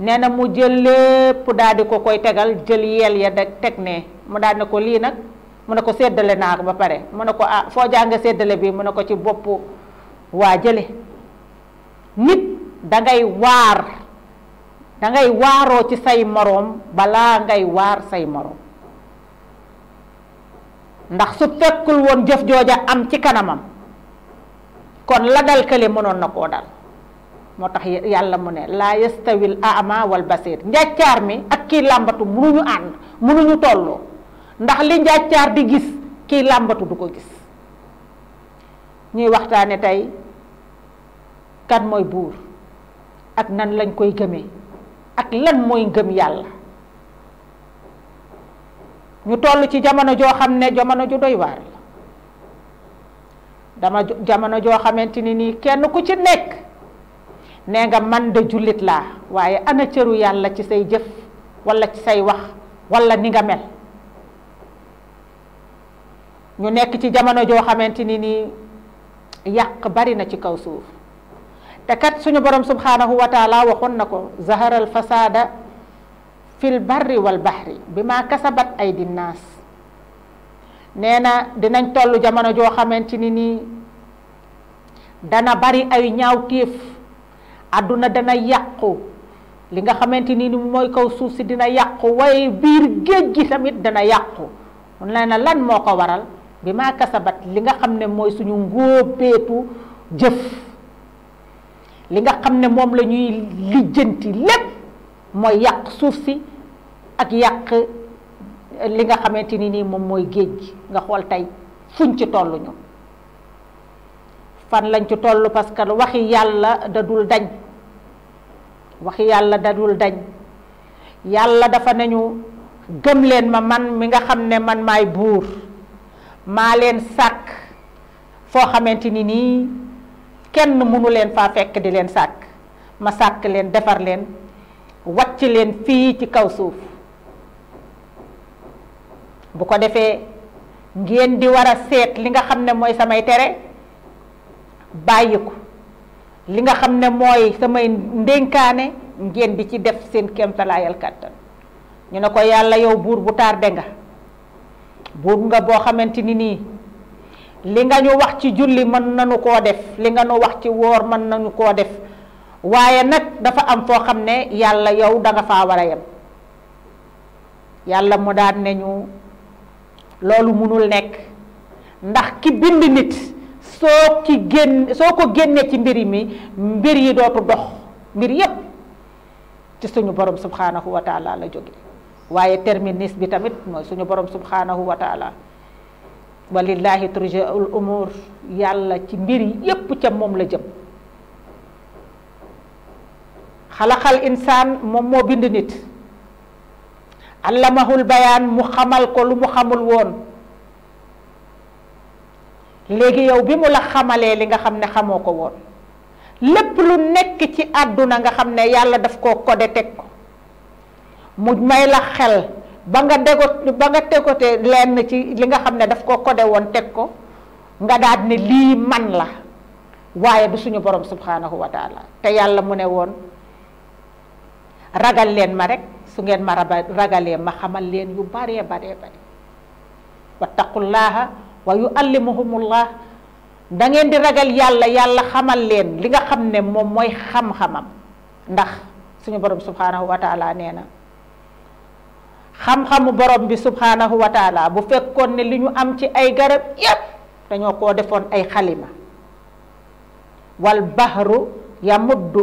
nee na mu jël lépp daal di ko koy tegal jël yel ya da teg ne mu daal ne ko lii nag mu ne ko seddale naa ba pare mu ne ko ah foo jàng seddale bi mu ne ko ci bopp Wajale nip nit war, waar dangay waaroo ci say morom bala ngay waar say morom ndax su fekkul won jëf jooja am ci kanamam kon la dal kele mënoon nako dal motax yalla ne la yastawil ama wal basir njàccaar mi ak ki lambatu munuñu and munuñu tollo ndax li njàccaar di gis ki lambatu du ko gis ñuy waxtane tay kan mooy buur ak nan lañ koy gëme ak lan mooy ngëm yàlla ñu toll ci jamono joo xam ne jamono ju doy waar la dama jamono joo xamante ni nii kenn ku ci nekk nee nga man de jullit laa waaye ana cëru yàlla ci say jëf walla ci say wax walla ni nga mel ñu nekk ci jamono joo xamante ni nii yàq bari na ci kaw suuf te kat suñu borom subhanahu wa taala waxoon na ko zahara al fasada fil barri wal bahri bi maa kasabat ay dinnaas nee na dinañ toll jamono joo xamante ni nii dana bari ay ñaaw téef àdduna dana yàqu li nga xamante ni ni mooy kaw suuf si dina yàqu way biir géej gi tamit dana yàqu mun ne na lan moo ko waral bi maa kasabat li nga xam ne mooy suñu ngóobeetu jëf li nga xam ne moom la ñuy lijjanti lépp mooy yàq suuf si ak yàq eh, li nga xamante ni nii moom mooy géej gi nga xool tey fuñ ci toll ñu fan lañ ci toll parce que waxi yàlla da dañ waxi yàlla da dañ yàlla dafa nañu gëm leen ma man mi nga xam ne man may buur maa leen sàkk foo xamante ni nii kenn munu len fa fekk di len sak ma sak len defar len wacc len fi ci kaw suuf bu ko defé ngeen di wara set li nga xamne ne samay téré bayiko li nga xamne moy samay ndenkané ngeen di ci def seen talayal kàttan ñu nako yalla yow bur bu de nga bur nga bo xamanteni ni li nga ñu wax ci julli mën nañu koo def li nga ñu wax ci woor mën nañu koo def waaye nag dafa am foo xam ne yàlla yow danga fa war a yem yàlla mu daan ne ñu loolu mënul nekk ndax ki bind nit soo ki génn soo ko génnee ci mbir mi mbir yi dootu dox mbir yépp ci suñu borom subhanahu wa taala la jóge waaye terminus bi tamit mooy suñu borom subhanahu wa taala walillahi turjaul umur yàlla ci mbir yépp ca moom la jëm xalaqal insaan moom moo bind nit allamahul bayaan mu xamal ko lu mu xamul woon léegi yow bi mu la xamalee li nga xam ne xamoo ko woon lépp lu nekk ci àdduna nga xam ne yàlla daf koo codé teg ko mu may la xel ba nga dégot ba nga tegote lenn ci li nga xam ne daf koo codé woon teg ko nga daal ne lii man la waaye du suñu borom subhanahu wa taala te yàlla mu ne woon ragal leen ma rek su ngeen ma ragalee ma xamal leen yu baree baree bari wattaqullaha wa yuallimuhumullah da ngeen di ragal yàlla yàlla xamal leen li nga xam ne moom mooy xam-xamam ndax suñu borom subhanahu wa taala nee na xam-xamu borom bi subhaanahu wa bu fekkoon ne li ñu am ci ay garab yépp dañoo ko defoon ay xalima wal bahru yamuddu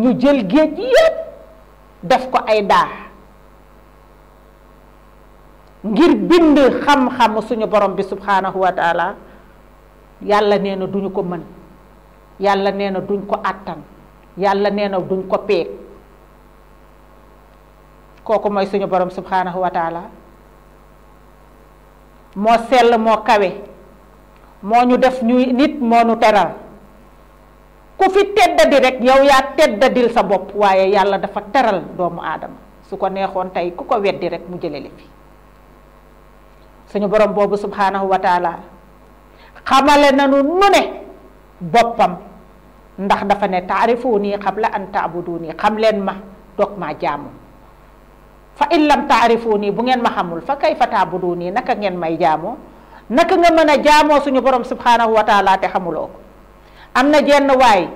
ñu jël géej yépp def ko ay daax ngir bind xam-xamu suñu borom bi subhaanahu wa taala yàlla nee na duñu ko mën yàlla nee na duñ ko àttan yàlla nee na duñ ko peeg kooku moy suñu borom subhanahu wa taala mo sel mo kawe mo ñu def ñu nit mo ñu teral ku fi teddadi rek yow yaa teddadil sa bop waye yalla dafa teral doomu adam su ko neexon tay ku ko weddi rek mu jëlé fi suñu borom bobu subhanahu wa taala xamalé nanu nu ne bopam ndax dafa né ta'rifuni qabla an ta'buduni xam leen ma dok ma fa illam ta'rifuni bu ngeen ma xamul fa kay ta'buduni naka ngeen may jamo naka nga meuna a suñu borom subhanahu wa taala te xamuloo amna am jenn way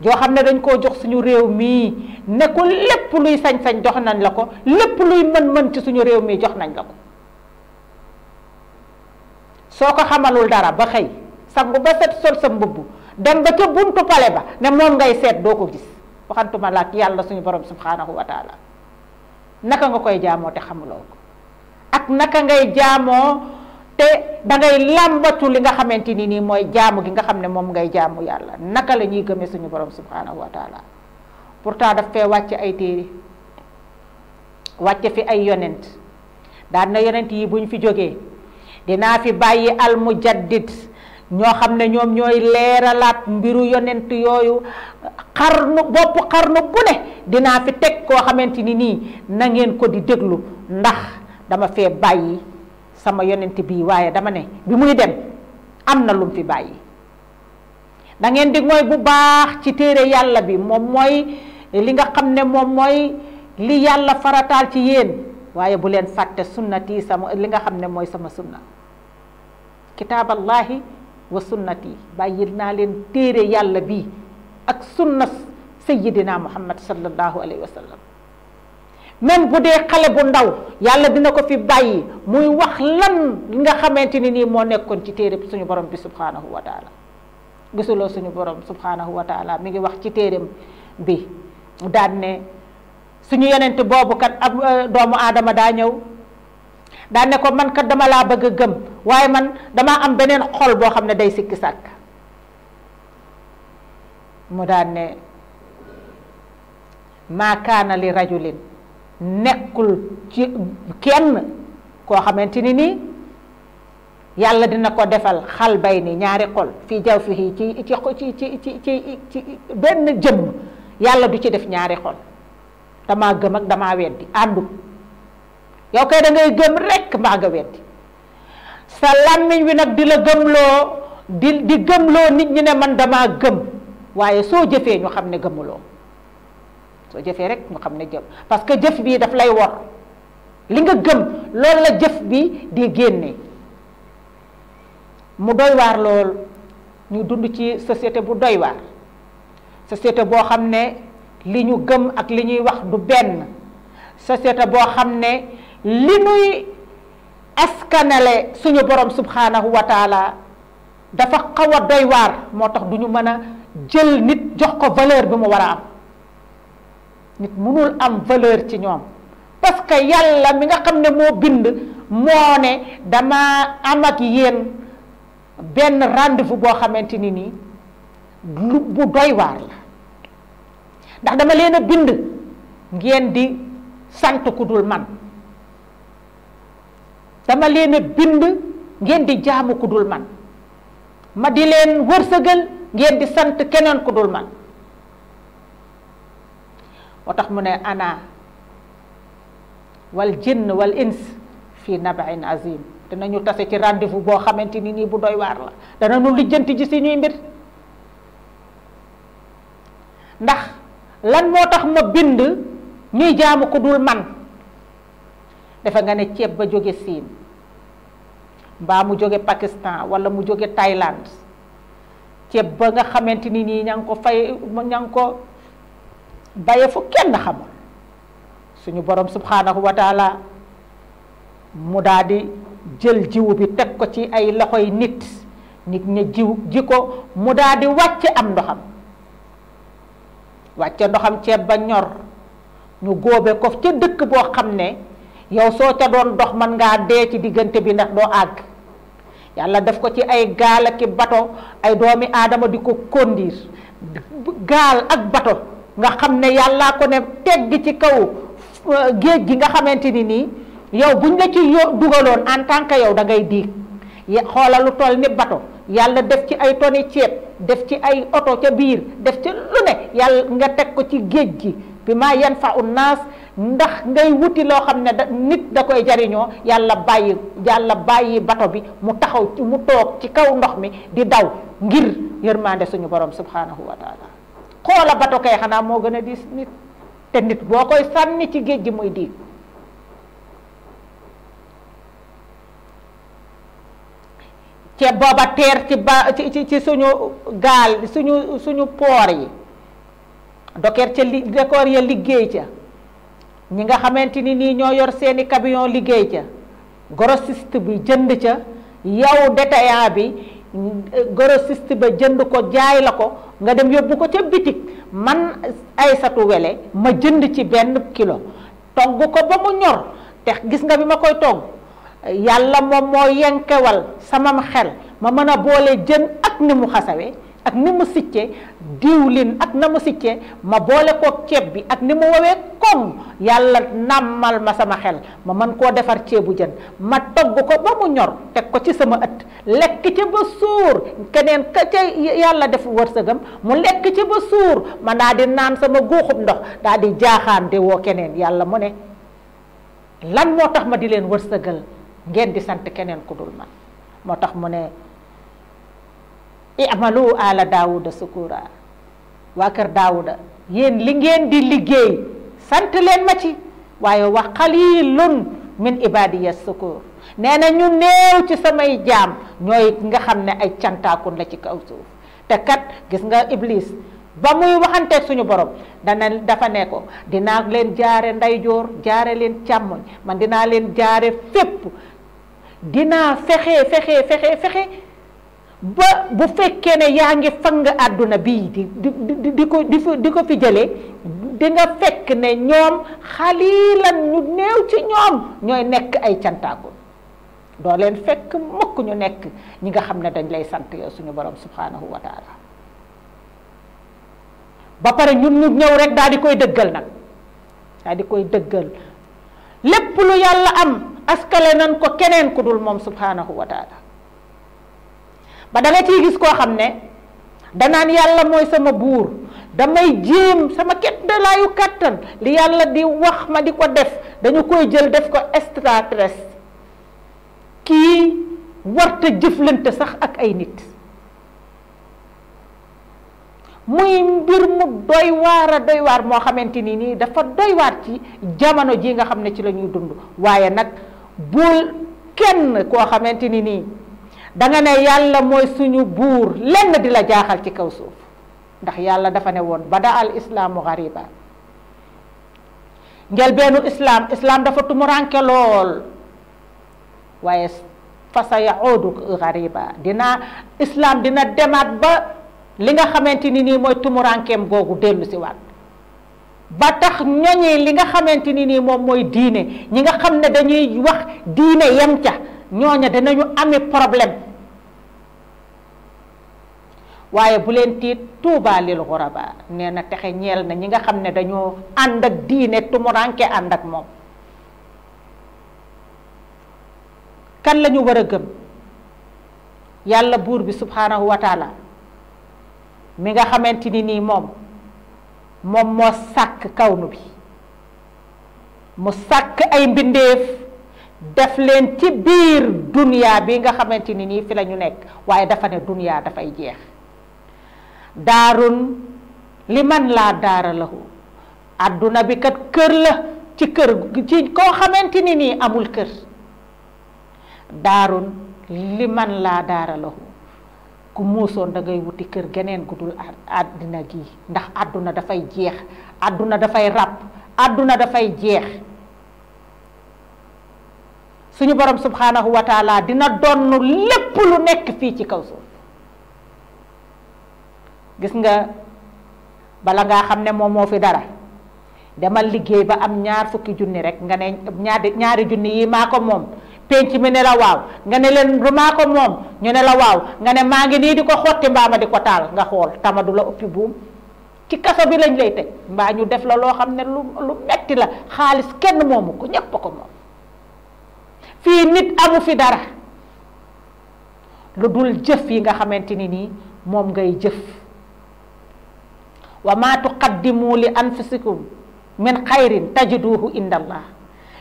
jo xamne dañ ko jox suñu rew mi ne ko lepp luy sañ-sañ jox nañ lako lepp luy mën-mën ci suñu rew mi jox nañ lako soko xamalul dara ba xey sangu ba set sol sa mbubb dem ba ca buntu pale ba ne mom ngay set doo ko gis waxantuma lak yalla suñu borom subhanahu wa taala naka nga koy jaamoo te xamuloo ko ak naka ngay jaamoo te da làmbatu li nga xamante ni nii mooy jaamu gi nga xam ne moom ngay jaamu yàlla naka la ñuy gëmee suñu borom subhanahu wa taala pourtant daf fee wàcce ay téere wàcce fi ay yonent daan na yonent yi ñu fi jógee dinaa fi bàyyi almujaddid ño xamne ñom ñoy leralat mbiru yonent yoyu xarnu bop xarnu bu ne dina fi tek ko xamanteni ni na ngeen ko di deglu ndax dama fe bayyi sama yonent bi waye dama ne bi muy dem amna na lum fi bayyi da ngeen di moy bu baax ci téré yalla bi mom moy li nga xamne mom moy li yalla faratal ci yeen waye bu len fatte sunnati sama li nga xamne moy sama sunna allah wa sunnat yi bàyyil naa leen téere yàlla bi ak sunna sayyidina muhammad sallallahu alayhi wa sallam même bu dee xale bu ndaw yàlla dina ko fi bàyyi muy wax lan li nga xamante ni nii moo nekkoon ci téere suñu borom bi subhanahu wa taala gisuloo suñu borom subhanahu wa taala mi ngi wax ci téereem bi daan ne suñu yonent boobu kat ab euh, doomu aadama daa ñëw da ne ko man kat dama la bëgg gëm waaye man dama am beneen xol boo xam ne day sikki sàkk mu daan ne maa kaana li rajulin nekkul ci kenn koo xamante ni nii yàlla dina ko defal xal bay ni ñaari xol fii jaw fi ci ci ci ci ci ci ci benn jëmm yàlla du ci def ñaari xol dama gëm ak dama weddi yow kay da ngay gëm rekk mbaa nga weddi sa làmmiñ wi nag di la gëmloo di di gëmloo nit ñi ne man dama gëm waaye soo jëfee ñu xam ne gëmuloo soo jëfee rek ñu xam ne gëm parce que jëf bii daf lay wor li nga gëm loolu la jëf bi di génne mu doy waar lool ñu dund ci société bu doy waar boo xam ne li ñu gëm ak li ñuy wax du benn société boo xam ne li muy askanale suñu borom subhanahu wa taala dafa xawa doy war motax duñu mëna jël nit jox ko valeur mu am nit mënul am valeur ci ñom parce que yalla mi nga xamne ne mo bind mo ne dama am ak yeen ben rendez-vous bo xamanteni ni bu doy war la ndax dama leena bind ngeen di sant kudul man dama leen a bind ngeen di jaamu ku man ma di leen wërsëgal ngeen di sant keneen ku dul man moo tax mu ne ana wal jinn wal ins fii nabain azim ñu tase ci rendez boo xamante ni nii bu doy waar la danañu lijjanti ji suñuy mbir ndax lan moo tax ma bind ñuy jaamu ku dul man defe nga ne ceeb ba jóge siin mbaa mu jóge Pakistan wala mu jóge Thaïlande ceeb ba nga xamante ni nii ña ngi ko fay ña ngi ko baye fu kenn xamul suñu borom subhanahu wa taala mu daal jël jiwu bi teg ko ci ay loxoy nit nit ña jiw ji ko mu daldi di wàcce am ndoxam wàcce ndoxam ceeb ba ñor ñu góobe ko ca dëkk boo xam ne yow soo ca doon dox man ngaa dee ci diggante bi ndax doo àgg yàlla def ko ci ay gaal ak bato ay doomi aadama di ko conduire gaal ak bato nga xam ne yàlla ko ne tegg ci kaw euh, géej gi nga xamante ni nii yow buñ la ci yo dugaloon en tant que yow da ngay diig xoolal lu toll ni bato yàlla def ci ay toni ceeb def ci ay oto ca biir def ci lu ne yàlla nga teg ko ci géej gi bi maa yan fa un ndax ngay wuti loo xam ne da nit da koy jariñoo yàlla bàyyi yàlla bàyyi bato bi mu taxaw mu toog ci kaw ndox mi di daw ngir yërmande suñu borom subhanahu wa xoola bato kay xanaa moo gën a diis nit te nit boo koy sànni ci géej gi muy diig te booba teer ci ba ci ci suñu gaal suñu suñu poor yi dokeer ca li dokoor ya liggéey ca ñi nga xamante ni nii ñoo yor seeni camion liggéey ca grossiste bi jënd ca yow détaillant bi grossiste ba jënd ko jaay la ko nga dem yóbbu ko ca bitig man Aysatu Wele ma jënd ci benn kilo togg ko ba mu ñor te gis nga bi ma koy togg yàlla moom moo yenkewal samam xel ma mën a boole jën ak ni mu xasawe ak ni mu siccee diwlin ak na mu siccee ma boole koo ceeb bi ak ni mu woowee koŋ yàlla nàmmal ma sama xel ma mën koo defar ceebu jën ma togg ko ba mu ñor teg ko ci sama ëtt lekk ci ba suur keneen ka ca yàlla def wërsëgam mu lekk ci ba suur ma daa di naan sama guuxub ndox daa di jaaxaan di woo keneen yàlla mu ne lan moo tax ma di leen wërsëgal ngeen di sant keneen ku dul moo tax mu ne i'malu ala daawuda sukura waa kër daawuda yéen li ngeen di liggéey sant leen ma ci waaye wa qalilun min ibadiya sukur nee na ñu néew ci samay jaam ñooy nga xam ne ay cantaakun la ci kaw suuf te kat gis nga iblis ba muy waxanteeg suñu borom dana dafa ne ko dinaa leen jaare ndeyjoor jaare leen càmmoñ man dinaa leen jaare fépp dinaa fexe fexe fexe ba bu fekke ne yaangi fanga aduna bi di di di di ko fi jele di nga fekk ne ñom khalilan ñu neew ci ñom ñoy nek ay cantaaku do len fekk mukk ñu nek ñi nga xamne dañ lay sant yow suñu borom subhanahu wa taala ba pare ñun ñu ñew rek daal di koy deggal nak daal di koy deggal. lepp lu yalla am askale nan ko keneen ku dul mom subhanahu wa taala ba da nga ciy gis koo xam ne danaan yàlla mooy sama buur damay jéem sama li yàlla di wax ma di ko def dañu koy jël def ko estratres kii warta jëflante sax ak ay nit muy mbir mu doy waar a doy waar moo xamante ni nii dafa doy waar ci jamono ji nga xam ne ci la ñuy dund waaye nag bul kenn koo xamante ni da nga ne yàlla mooy suñu buur lenn di la jaaxal ci kaw suuf ndax yàlla dafa ne woon bada al islaamu xariba njëlbeenu islaam islaam dafa tumuranke lool waaye fa sa yaxoodu xariba dina islaam dina demaat ba li nga xamante ni nii mooy tumurankeem ba tax ñoñi li nga xamante ni nii moom mooy diine ñi nga xam ne dañuy wax diine yem ca ñooña danañu amé problème waye bu len tiit touba lil ghuraba neena na texe ñeel na ñi nga xam ne dañoo ànd ak diine ranké and ak mom kan lañu war gëm yalla bur bi subhanahu wa taala mi nga xamanteni ni mom mom mo sak kawnu bi mu sak ay mbindeef def leen ci bir dunia bi nga xamanteni ni fi lañu nek waye dafa ne dunia fay jeex darun liman la laa aduna lahu àdduna bi kat keur la ci keur ci ko xamanteni ni amul keur darun liman la laa lahu ku muso da ngay wuti keur geneen gudul dul gi ndax da fay jeex fay rap aduna da fay jeex suñu borom subhanahu wa taala dina donn lépp lu nekk fii ci kaw suuf gis nga bala ngaa xam ne moom moo fi dara demal liggéey ba am ñaar fukki junni rek nga ne ñaari ñaari junni yi maa ko moom penc mi ne la waaw nga ne leen lu maa ko moom ñu ne la waaw nga ne maa ngi nii di ko xotti mbaa ma di ko taal nga xool tamadu la uppi buum ci kaso bi lañ lay teg mbaa ñu def la loo xam ne lu lu metti la xaalis kenn moomu ko ñépp ko moom fi nit amu fi dara lu dul jëf yi nga xamanteni ni mom ngay jëf wa ma tuqaddimu li anfusikum min khairin tajiduhu inda allah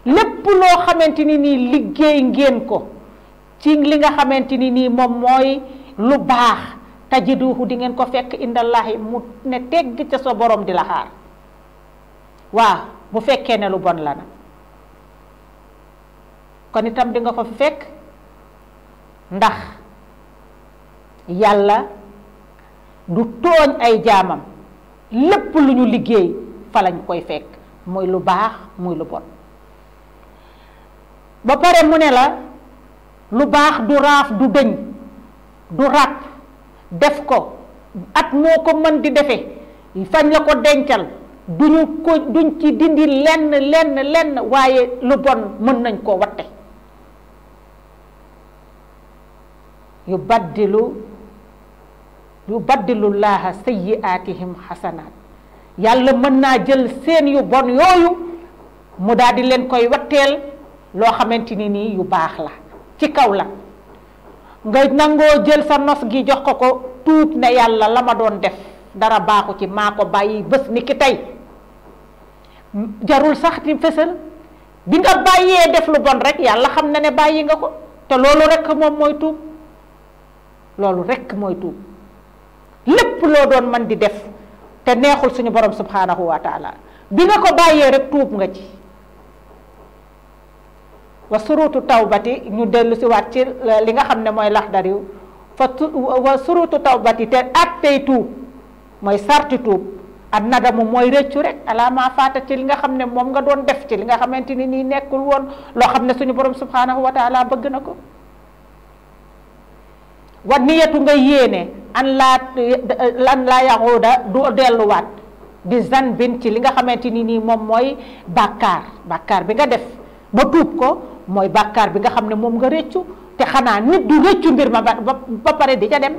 lépp loo xamante ni liggey ngeen ko ci li nga xamanteni ni mom moy lu bax tajiduhu di ngeen ko fekk mu ne tegg ci so borom di la xaar wa bu fekke ne lu bon la kon itam di nga ko fekk ndax yàlla du tooñ ay jaamam lépp lu ñu liggéey fa lañ koy fekk mooy lu baax muy lu bon ba pare mu ne la lu baax du raaf du dëñ du ràpp def ko at moo ko mën di defe fañ la ko dencal duñu ko duñ ci dindi lenn lenn lenn waaye lu bon mën nañ koo watte yubaddilu yubaddilu laaha sayyi'aatihim xasanaat yàlla mën naa jël seen yu bon yooyu mu daldi leen koy watteel loo xamante ni nii yu baax la ci kaw la nga nangoo jël sa nos gi jox ko ko tuub ne yàlla la ma doon def dara baaxu ci maa ko bàyyi bés ni ki tey jarul sax di fësal bi nga bàyyee def lu bon rek yàlla xam na ne bàyyi nga ko te loolu rek moom mooy tuub loolu rekk mooy tuub lépp loo doon man di def te neexul suñu borom subhaanahu wa bi nga ko bàyyee rek tuub nga ci wa surutu tawbati ñu dellu si waat li nga xam ne mooy lax dariw fa wa surutu tawbati te attey tuub mooy sarti tuub ak nadamu mooy rëccu rek alaamaa faata ci li nga xam ne moom nga doon def ci li nga xamante ni nii nekkul woon loo xam ne suñu borom subhaanahu wa taala bëgg na ko wa niyatu nga yéene an laa lan laa yaxuuda du delluwaat bi zan bin ci li nga xamante ni nii moom mooy bàkkaar bàkkaar bi nga def ba tuub ko mooy bàkkaar bi nga xam ne moom nga rëccu te xanaa nit du rëccu mbir ma ba ba pare di ca dem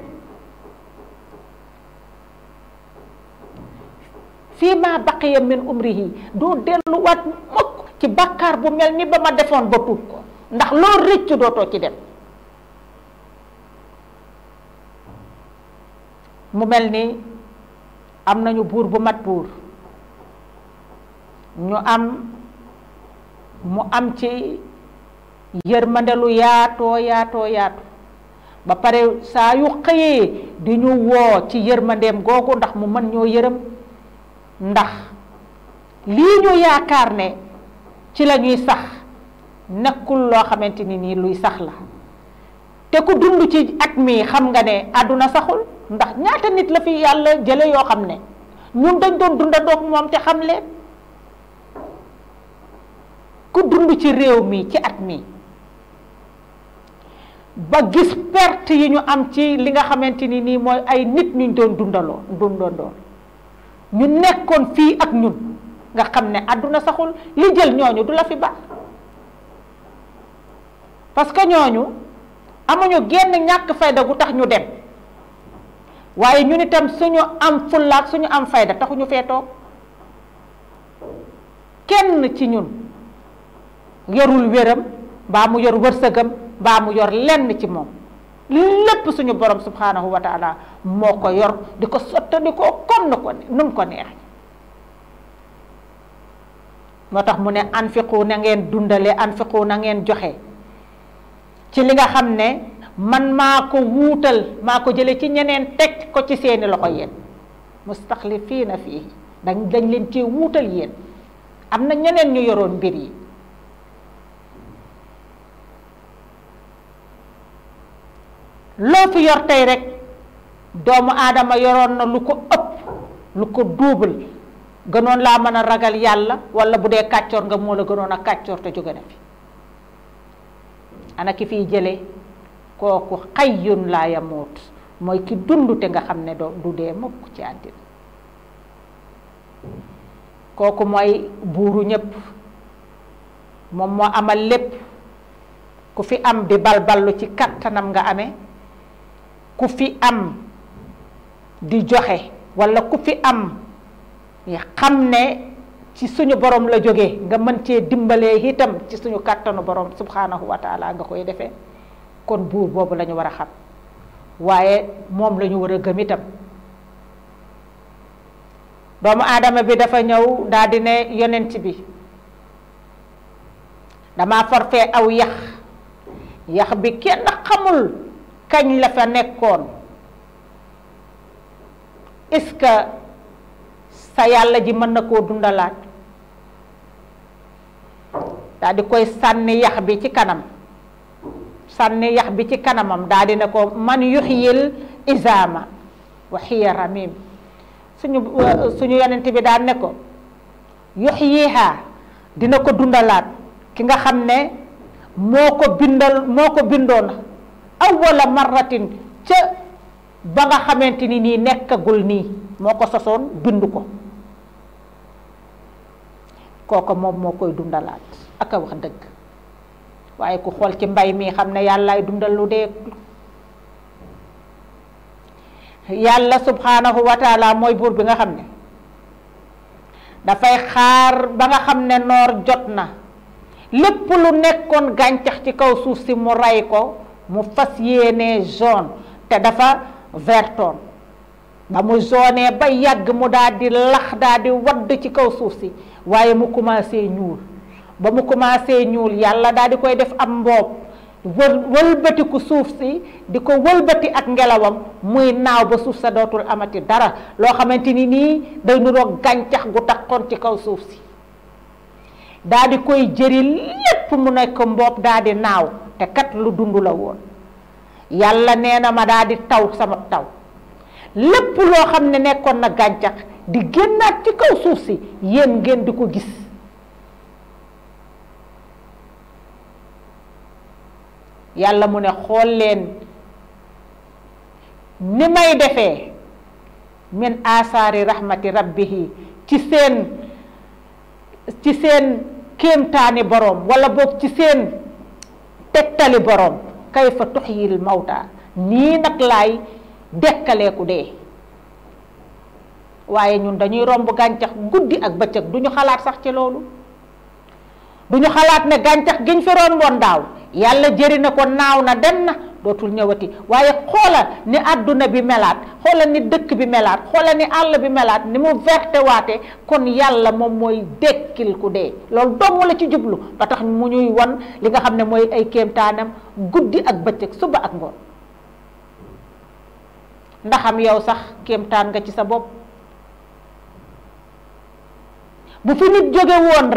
fii ma baqiya min umrihi doo delluwaat mukk ci bàkkaar bu mel ni ba ma defoon ba tuub ko ndax loo rëccu dootoo ci dem mu mel ni am nañu buur bu mat buur ñu am mu am ci yërmande lu yaatoo yaatoo yaatu ba pare saa yu xëyee di ñu woo ci yërmandeem googu ndax mu mën ñoo yërëm ndax lii ñu yaakaar ne ci la ñuy sax nekkul loo xamante ni nii luy sax la te ku dund ci at mi xam nga ne àdduna saxul ndax ñaata nit la fi yàlla jële yoo xam ne ñun dañ doon dundandoog moom te xam leen ku dund ci réew mi ci at mi ba gis perte yi ñu am ci li nga xamante ni nii ay nit ñu doon dundaloo dundandoo ñu nekkoon fii ak ñun nga xam ne àdduna saxul li jël ñooñu du la fi ba parce que ñooñu amuñu genn ñàkk fayda gu tax ñu dem waaye ñun itam suñu am fullaak suñu am fayda taxuñu fee toog kenn ci ñun yorul wéram mbaa mu yor wërsëgam mbaa mu yor lenn ci moom lépp suñu borom subhanahu wa taala moo ko yor di ko sottandikoo kon na ko nu ko neex moo tax mu ne anfiqu na ngeen dundale anfiqu na ngeen joxe ci li nga xam ne man maa ko wuutal maa ko jële ci ñeneen teg ko ci seeni loxo yéen mustaxlifiina fii dañ dañ leen ci wuutal yéen am na ñeneen ñu yoroon mbir yi loo fi yor tey rek doomu aadama yoroon na lu ko ëpp lu ko duubal gënoon laa mën a ragal yàlla wala bu dee kàccoor nga moo la gënoon a kàccoor te jóge na fi ana ki fiy jële kooku xayyun laa yamuut mooy ki dund te nga xam ne doo du dee mukk ci àddina kooku mooy buuru ñépp moom moo amal lépp ku fi am di balballu ci kattanam nga ame ku fi am di joxe walla ku fi am ya xam ne ci suñu borom la jóge nga mën cee dimbalee itam ci suñu kàttanu borom subhanahu wa taala nga koy defe kon buur boobu lañu war a xam waaye moom lañu war a gëm itam doomu aadama bi dafa ñëw daldi di ne yonent bi dama forfee aw yax yax bi kenn xamul kañ la fa nekkoon est-ce que sa yàlla ji mën na koo dundalaat daldi koy sànni yax bi ci kanam sànni yax bi ci kanamam daal di dina ko man yuxyil izama wa hiya suñu suñu yonent bi daal ne ko yuxyiha dina ko dundalaat ki nga xam ne moo ko bindal moo ko bindoon awwala marratin ca ba nga xamante ni nii nekkagul nii moo ko sosoon bind ko kooku moom moo koy dundalaat ak wax dëgg waaye ku xool ci mbay mi xam ne yàllaay dundal lu dee yàlla subhanahu wa mooy buur bi nga xam ne dafay xaar ba nga xam ne noor jot na lépp lu nekkoon gàncax ci kaw suuf si mu rey ko mu fas yéene jaune te dafa vertoon ba mu jaune ba yàgg mu daal di lax daal di wadd ci kaw suuf si waaye mu commencé ñuul ba mu commencé ñuul yàlla daal di koy def am mboob wëlbatiku suuf si di ko wëlbati ak ngelawam muy naaw ba suuf sa dootul amati dara loo xamante ni nii day nuroog gàncax gu takkoon ci kaw suuf si daal di koy jëri lépp mu nekk mboob daal di naaw te kat lu dund la woon yàlla nee na ma daal di taw sama taw lépp loo xam ne nekkoon na gàncax di génnaat ci kaw suuf si yéen ngeen di ko gis yàlla mu ne xool leen ni may defee min asaari rahmati rabbihi ci seen ci seen kéemtaani borom wala boog ci seen tegtali borom kayfa tuxyil mawta nii nag laay dekkaleeku dee waaye ñun dañuy romb gàncax guddi ak bëccëg duñu xalaat sax ci loolu bu ñu xalaat ne gàncax giñ feroon woon daaw yàlla jëri na ko naaw na den na dootul ñëwati waaye xoola ni àdduna bi melaat xoola ni dëkk bi melaat xoola ni àll bi melaat ni mu verte waate kon yàlla moom mooy dekkil ku dee loolu dong la ci jublu ba tax mu ñuy won li nga xam ne mooy ay kéemtaanam guddi ak bëccëg suba ak ngoon ndaxam yow sax kéemtaan nga ci sa bopp bu fi nit jóge woon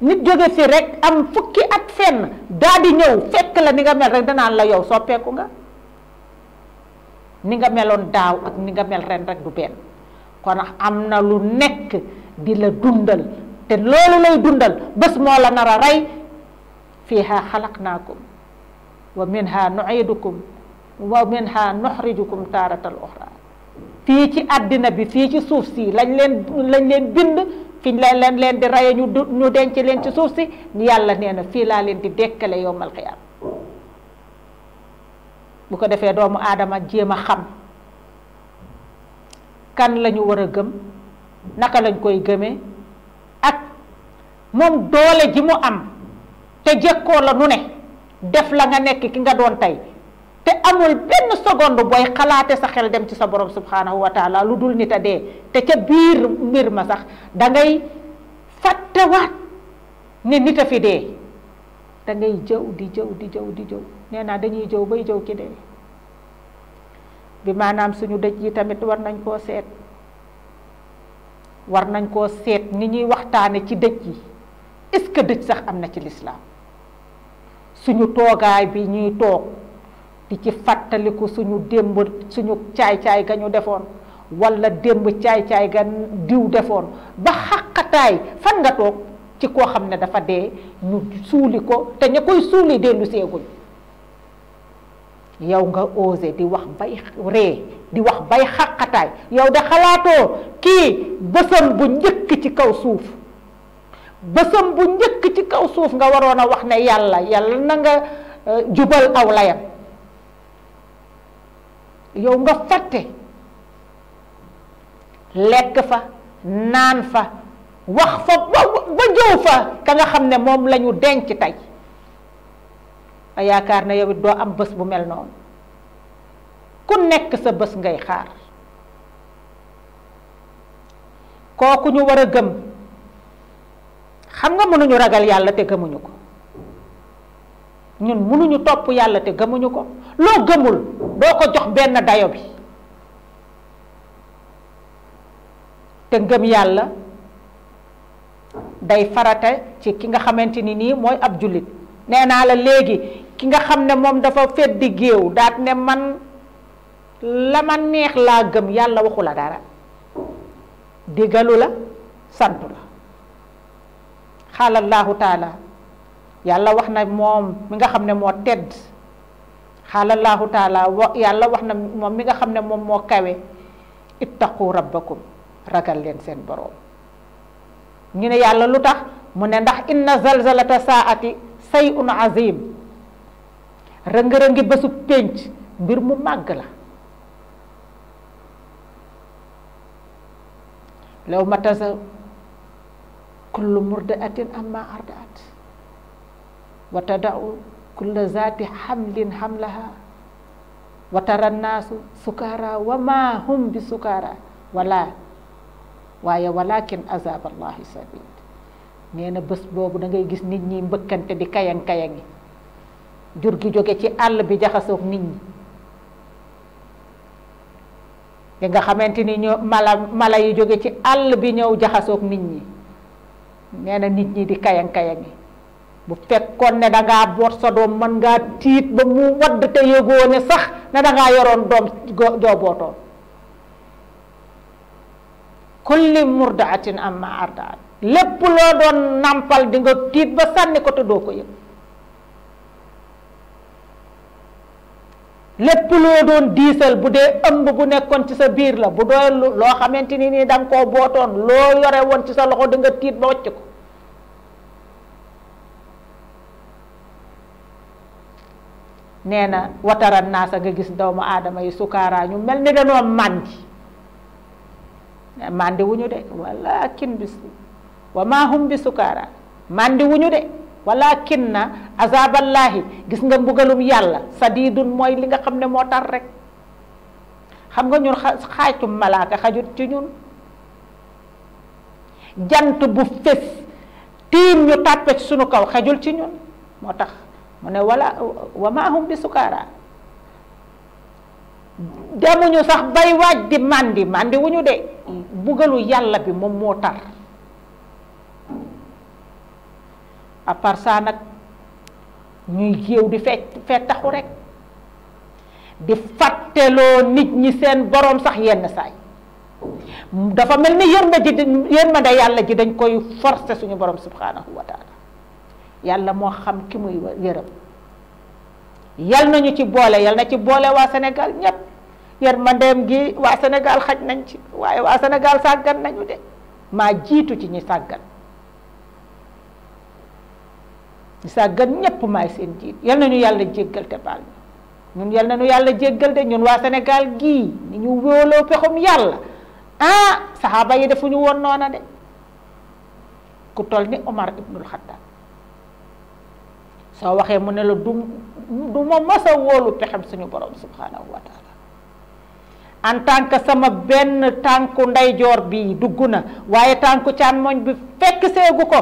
nit jóge fi rek am fukki at fenn daa di ñëw fekk la ni nga mel rek danaan la yow soppeeku nga ni nga meloon daaw ak ni nga mel ren rek du benn kon am na lu nekk di la dundal te loolu lay dundal bés moo la nar a rey naa xalaqnaakum wa minha nuidukum wa minha nuxrijukum taaratal uxra fii ci àddina bi fii ci suuf si lañ leen lañ leen bind fiñ leen leen leen di raye ñu du ñu denc leen ci suuf si yàlla nee na fii laa leen di dekkale yowmal xiyaam bu ko defee doomu aadama jéem a xam kan lañu war a gëm naka lañ koy gëmee ak moom doole ji mu am te jëkkoo la nu ne def la nga nekk ki nga doon tey te amul benn seconde boy xalaate sa xel dem ci sa borom subhanahu wa taala lu dul nit a dee te ca biir mbir ma sax da ngay fàttewaat ni fi da ngay jëw di jëw di jëw di jëw nee naa dañuy jëw bay jëw ki dee bi maanaam suñu dëj yi tamit war nañ koo seet war nañ koo seet ni ñuy waxtaane ci dëj yi est ce que dëj sax am na ci lislaam suñu toogaay bi ñuy toog di ci fàttaliku suñu démb suñu caay-caay ga ñu defoon walla démb caay-caay ga diw defoon ba xaqataay fan nga toog ci koo xam ne dafa dee ñu suuli ko te ña koy suuli dellu seeguñ yow nga osé di wax bay ree di wax bay xàqataay yow de xalaatoo kii bësam bu njëkk ci kaw suuf bësam bu njëkk ci kaw suuf nga waroon a wax ne yàlla yàlla na nga eh, jubal aw layam yow nga fàtte lekk fa naan fa wax fa ba ba jëw fa ka nga xam ne moom lañu ñu denc tey a yaakaar ne yow it doo am bés bu mel noonu ku nekk sa bés ngay xaar kooku ñu war a gëm xam nga mënuñu ragal yàlla te gëmuñu ko ñun mënuñu topp yàlla te gëmuñu ko loo gëmul doo ko jox benn dayo bi te gëm yàlla day farata ci ki nga xamante ni nii mooy ab jullit nee naa la léegi ki nga xam ne moom dafa feddi géew daat ne man la ma neex laa gëm yàlla waxu la dara digalu la santu la xaalallaahu taala yàlla wax na moom mi nga xam ne moo tedd xaalallahu taala wa yàlla wax na moom mi nga xam ne moom moo kawe ittaqu rabbakum ragal leen seen boroom ngi ne yàlla lu tax mu ne ndax inna zalzalata saati sayun azim rëngi-rëngi bésu pénc mbir mu màgg la law matasa kullu murda atin amma ardaat وتدع كل ذات حمل حملها وترى الناس سكارى وما هم بسكارى ولا waaye walakin azab Allah sabid neena na bobu da ngay gis nit ñi mbeukante di kayang kayangi jur gi joge ci all bi jaxaso nit ñi ya nga xamanteni tininyo ñoo mala mala yi joge ci all bi ñew jaxaso nit ñi neena nit ñi di kayang kayangi bu fekkoon ne da boot sa doom mën ngaa tiit ba mu wadd te yëgoo sax ne da yoroon doom joo bootoon kulli murdaatin amma ardaat lépp loo doon nàmpal di tiit ba sànni ko te doo ko yëg lépp loo doon diisal bu dee ëmb bu nekkoon ci sa biir la bu doon loo xamante ni nii da nga koo bootoon loo yore woon ci sa loxo di tiit ba wàcc ko nee na wataran naasa nga gis doomu aadama yi sukaaraa ñu mel ni dañoo màndi màndi wu ñu de walaakin bi wa maa hum bi sukaaraa màndi wu ñu de na azaballaahi gis nga mbugalum yàlla sadiidun mooy li nga xam ne moo tar rek xam nga ñun xaajum malaaka xajut ci ñun jant bu fés tiim ñu tàppe ci sunu kaw xajul ci ñun moo tax mune wala wa sukara. bisukara. demuñu sax bay waj di mandi mandi wuñu de bugalu yalla bi mom mo tar a par sa nak ñuy di fe rek di fatelo nit ñi seen borom sax yenn say dafa melni ni yërma yalla ji dañ koy forcer suñu borom subhanahu wa taala yàlla moo xam ki muy yërëm yal nañu ci boole yal na ci boole waa Sénégal ñépp yërmandeem gi waa Sénégal xaj nañ ci waaye waa Sénégal sàggan nañu de maa jiitu ci ñi sàggan ñi sàggan ñépp maay seen jiit yal nañu yàlla jéggal te baal ñun yal nañu yàlla jéggal de ñun waa senegaal gii ni ñu wóoloo pexum yàlla ah saxaaba yi defuñu woon noona de ku toll ni Omar ibnul Xattaab so waxe mu ne la du mo massa wolu pexam suñu borom subhanahu wa taala en tant que sama tanku nday jor bi duguna. waye tanku tànku moñ bi fekk seegu ko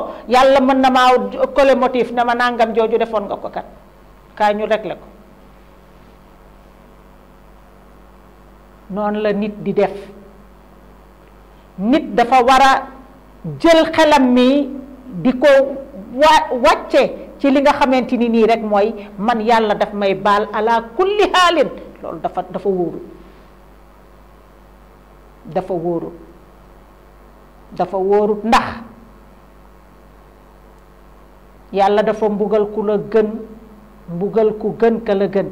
mën na kole motif na ma nangam joju defon nga ko kat ka ñu la ko non la nit di def nit dafa wara jël xelam mi diko wacce ci li nga xamanteni ni rek moy man yalla daf may bal ala kulli halin lolou dafa dafa woru dafa woru dafa woru ndax yalla dafa mbugal ku la gën mbugal ku gën ka la gën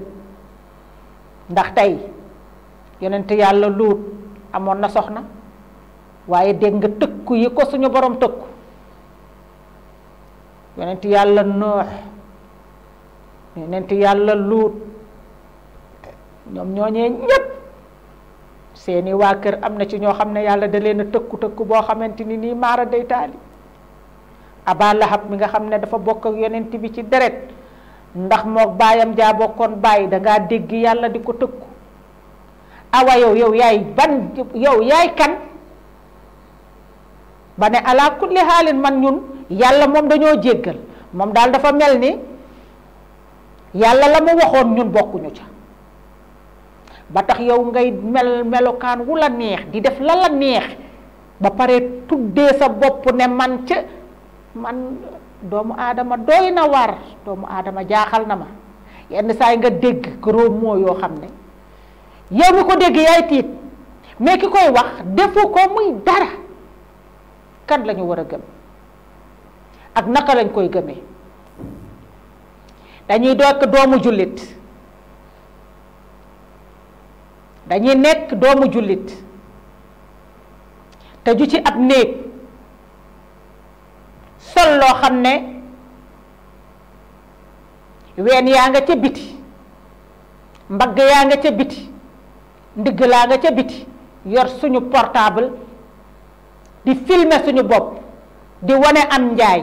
ndax tay yonent yalla lut amon na soxna waye deg nga tekk yi ko suñu borom tekk yonent yàlla nuh, yonent yàlla lut ñoom ñooñee ñépp seeni waa kër am na ci ñoo xam ne yàlla da leen a tëkku tëkku boo xamante ni mara day taali aba mi nga dafa bokk ak yonent bi ci deret ndax mok bayam jaa bokkon bay da ngaa dégg di ko awa yow yow yaay ban yow yaay kan ba ne ala kulli xaalin man ñun yàlla moom dañoo jéggal moom daal dafa mel ni yàlla la mu waxoon ñun bokkuñu ca ba tax yow ngay mel melokaan wu la neex di def la la neex ba pare tuddee sa bopp ne man ca man doomu aadama doy na war doomu aadama jaaxal na ma yenn saa nga dégg gros mots yoo xam ne yow mi ko dégg yaay tiit mais ki koy wax defu ko muy dara kan lañu war a gëm ak naka lañ koy gëme dañuy dokk doomu jullit dañuy nekk doomu jullit te ju ci ab néeg sol loo xam ne ween yaa nga ca biti mbagg yaa nga ca biti ndigg laa nga ca biti yor suñu portable di filmer suñu bopp di wane an njaay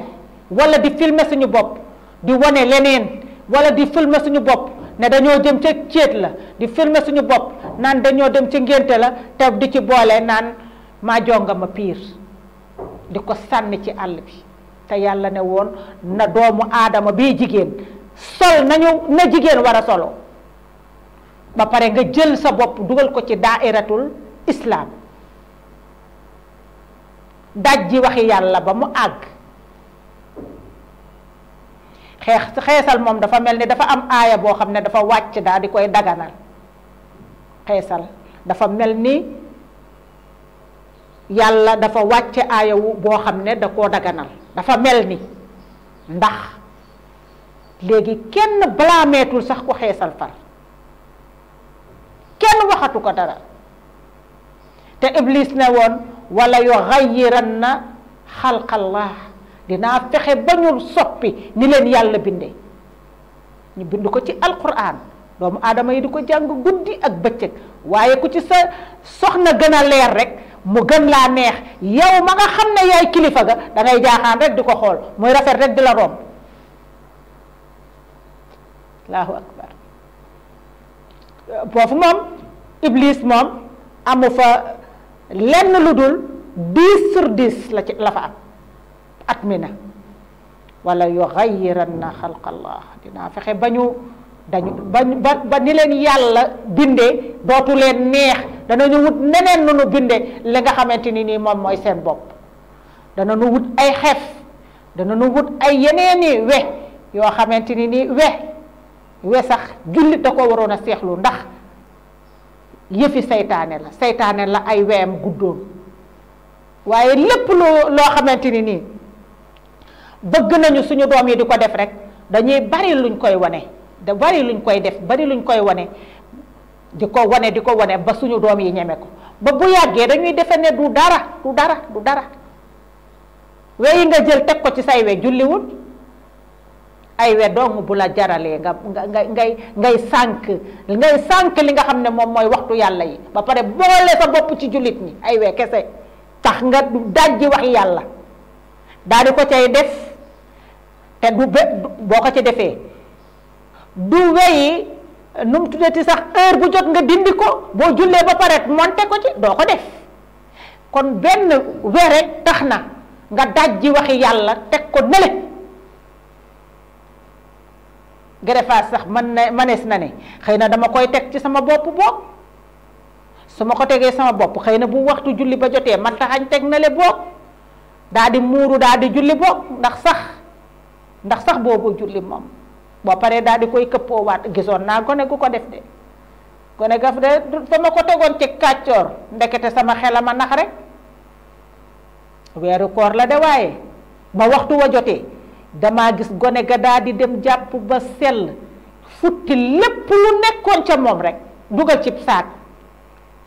walla di filmer suñu bopp di wane leneen walla di filmer suñu bopp ne dañoo jëm ca céet la di filmer suñu bopp naan dañoo dem ca ngénte la te di ci boole naan maa jongama piir di ko sànni ci àll bi te yàlla ne woon na doomu aadama bii jigéen sol nañu na jigéen war a solo ba pare nga jël sa bopp dugal ko ci daairatul islaam dajji waxi yàlla ba mu ag xex xexal mom dafa melni dafa am aya bo xamne dafa wàcc da di koy daganal xexal dafa melni yàlla dafa wacc aya wu boo xam da ko daganal dafa melni ndax léegi kenn blametul sax ko xexal far kenn waxatu ko dara te iblis na woon wala yu xayiran na xalqallah dinaa fexe ba ñu soppi ni leen yàlla bindee ñu bind ko ci alquran doomu aadama yi di ko jàng guddi ak bëccëg waaye ku ci sa soxna gën a leer rek mu gën laa neex yow ma nga xam ne yaay kilifa ga da ngay jaaxaan rek di ko xool muy rafet rek di la romb allahu akbar boofu moom iblis moom amu fa lenn lu dul dix sur 10 la ci la fa am at na wala yu xayiran na xalqallah dinaa fexe dañu ba ni len yalla bindé dotu len neex nañu wut nenen nu bindé bindee li nga xamanteni ni mom moy sen bop da nañu wut ay xef da nañu wut ay yeneeni we yo xamanteni ni nii we sax julli da ko warona a ndax yeufi seytaane la seytaane la ay weyam guddoon waaye lepp lo lo xamante ni bëgg nañu suñu doom yi di def rek dañuy bari luñ koy wone da bari luñ koy def bari luñ koy wone diko wone diko di ba suñu doom yi ñëmé ko ba bu yàggee dañuy defe du dara du dara du dara weyi nga jël tek ko ci say we wut ay we dong bu la jaralee nga nga ngay ngay sànq ngay sànq li nga xam ne moom mooy waxtu yàlla yi ba pare boole sa bopp ci jullit ñi ay we kese tax nga dajji wax yàlla daal di ko cay boo ko ci defee du weyi sax heure bu jot nga dindi ko boo jullee ba pare monte ko ci doo ko def kon benn we tax na nga dajji waxi yàlla teg ko nele grefa sax man manes na ne xeyna dama koy tek ci sama bop bo suma ko tege sama bop xeyna bu waxtu julli ba jotee man taxañ tek na le boog daldi muru daldi julli boog ndax sax ndax sax boobu julli mom bo pare daldi koy keppo wat gison na gone gu ko def de gone gaf de sama ko tegoon ci kàccoor ndekete sama xelama nax rek weru kor la de waye ba waxtu wa jotee damaa gis gone ga daa di dem jàpp ba sell futti lépp lu nekkoon ca moom rek dugal ci saak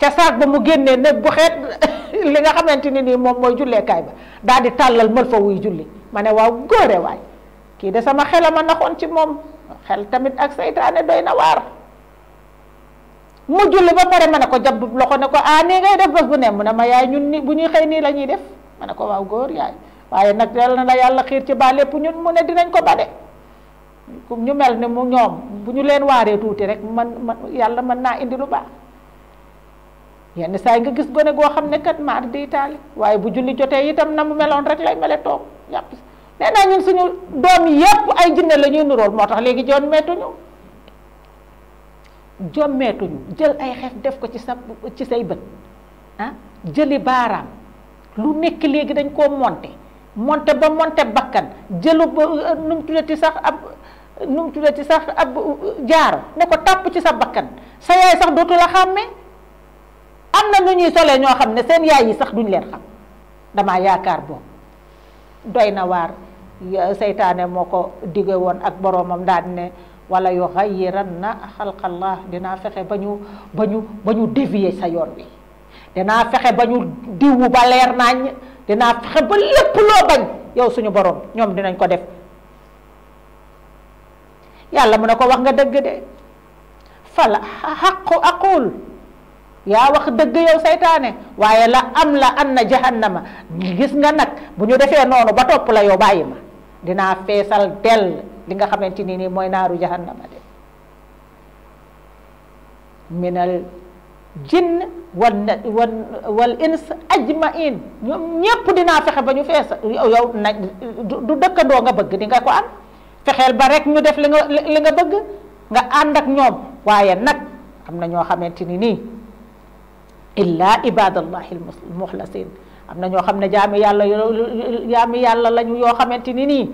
ca saak ba mu génnee ne bu li nga xamante ni nii moom mooy julleekaay ba daa di tàllal mal fa wuy julli ma ne waaw góore kii de sama xelama naxoon ci moom xel tamit ak seytaane doy na waar mu julli ba pare ma ne ko jàpp loxo ne ko ah nii ngay def bés bu ne mu ne ma yaay ñun ni bu ñuy xëy nii lañuy def ma ne ko waaw góor yaay waaye nag yal na la yàlla xiir ci ba lépp ñun mu ne dinañ ko ba de ñu mel ne mu ñoom bu ñu leen waaree tuuti rek man man yàlla mën naa indi lu baax yenn saa yi nga gis gone goo xam ne kat maar di taali waaye bu julli jotee itam na mu meloon rek lay mele toog yàpp nee naa ñun suñu doom yépp ay jinne la ñuy nurool moo tax léegi jommeetuñu jommeetuñu jël ay xeef def ko ci sa ci say bët ah jëli baaraam lu nekk léegi dañ koo monte monte ba monte bakkan jëlu ba euh, nu mu tuddati sax ab nu mu tuddati sax ab euh, jaaro ne ko tàpp ci sa bakkan sa yaay sax dootu la xàmme am na nu ñuy sole ñoo xam ne seen yaay yi sax duñ leen xam damaa yaakaar boobu doy na waar seytaane moo ko dige woon ak boroomam daan ne wala yu xayiran na xalqallah dinaa fexe ba ñu ba ñu ba ñu dévier sa yoon wi dinaa fexe ba ñu diwu ba leer nañ dinaa fexe ba lépp loo bañ yow suñu boroom ñoom dinañ ko def yàlla mu ne ko wax nga dëgg de fala xaqu aqul yaa wax dëgg yow saytaane waaye la am la an na jahannama gis nga nag bu ñu defee noonu ba topp la yow bàyyi ma dinaa feesal dell li nga xamante nii mooy naaru jahannama de minal jinn wan wan wal ins ajmain ñoom ñépp dinaa fexe ba ñu fees yow na du dëkkandoo nga bëgg di nga ko am fexeel ba rek ñu def li nga li nga bëgg nga ànd ak ñoom waaye nag am na ñoo xamante ni nii illaa ibadallahi almuxlasin am na ñoo xam ne jaami yàlla jaami yàlla lañu yoo xamante ni nii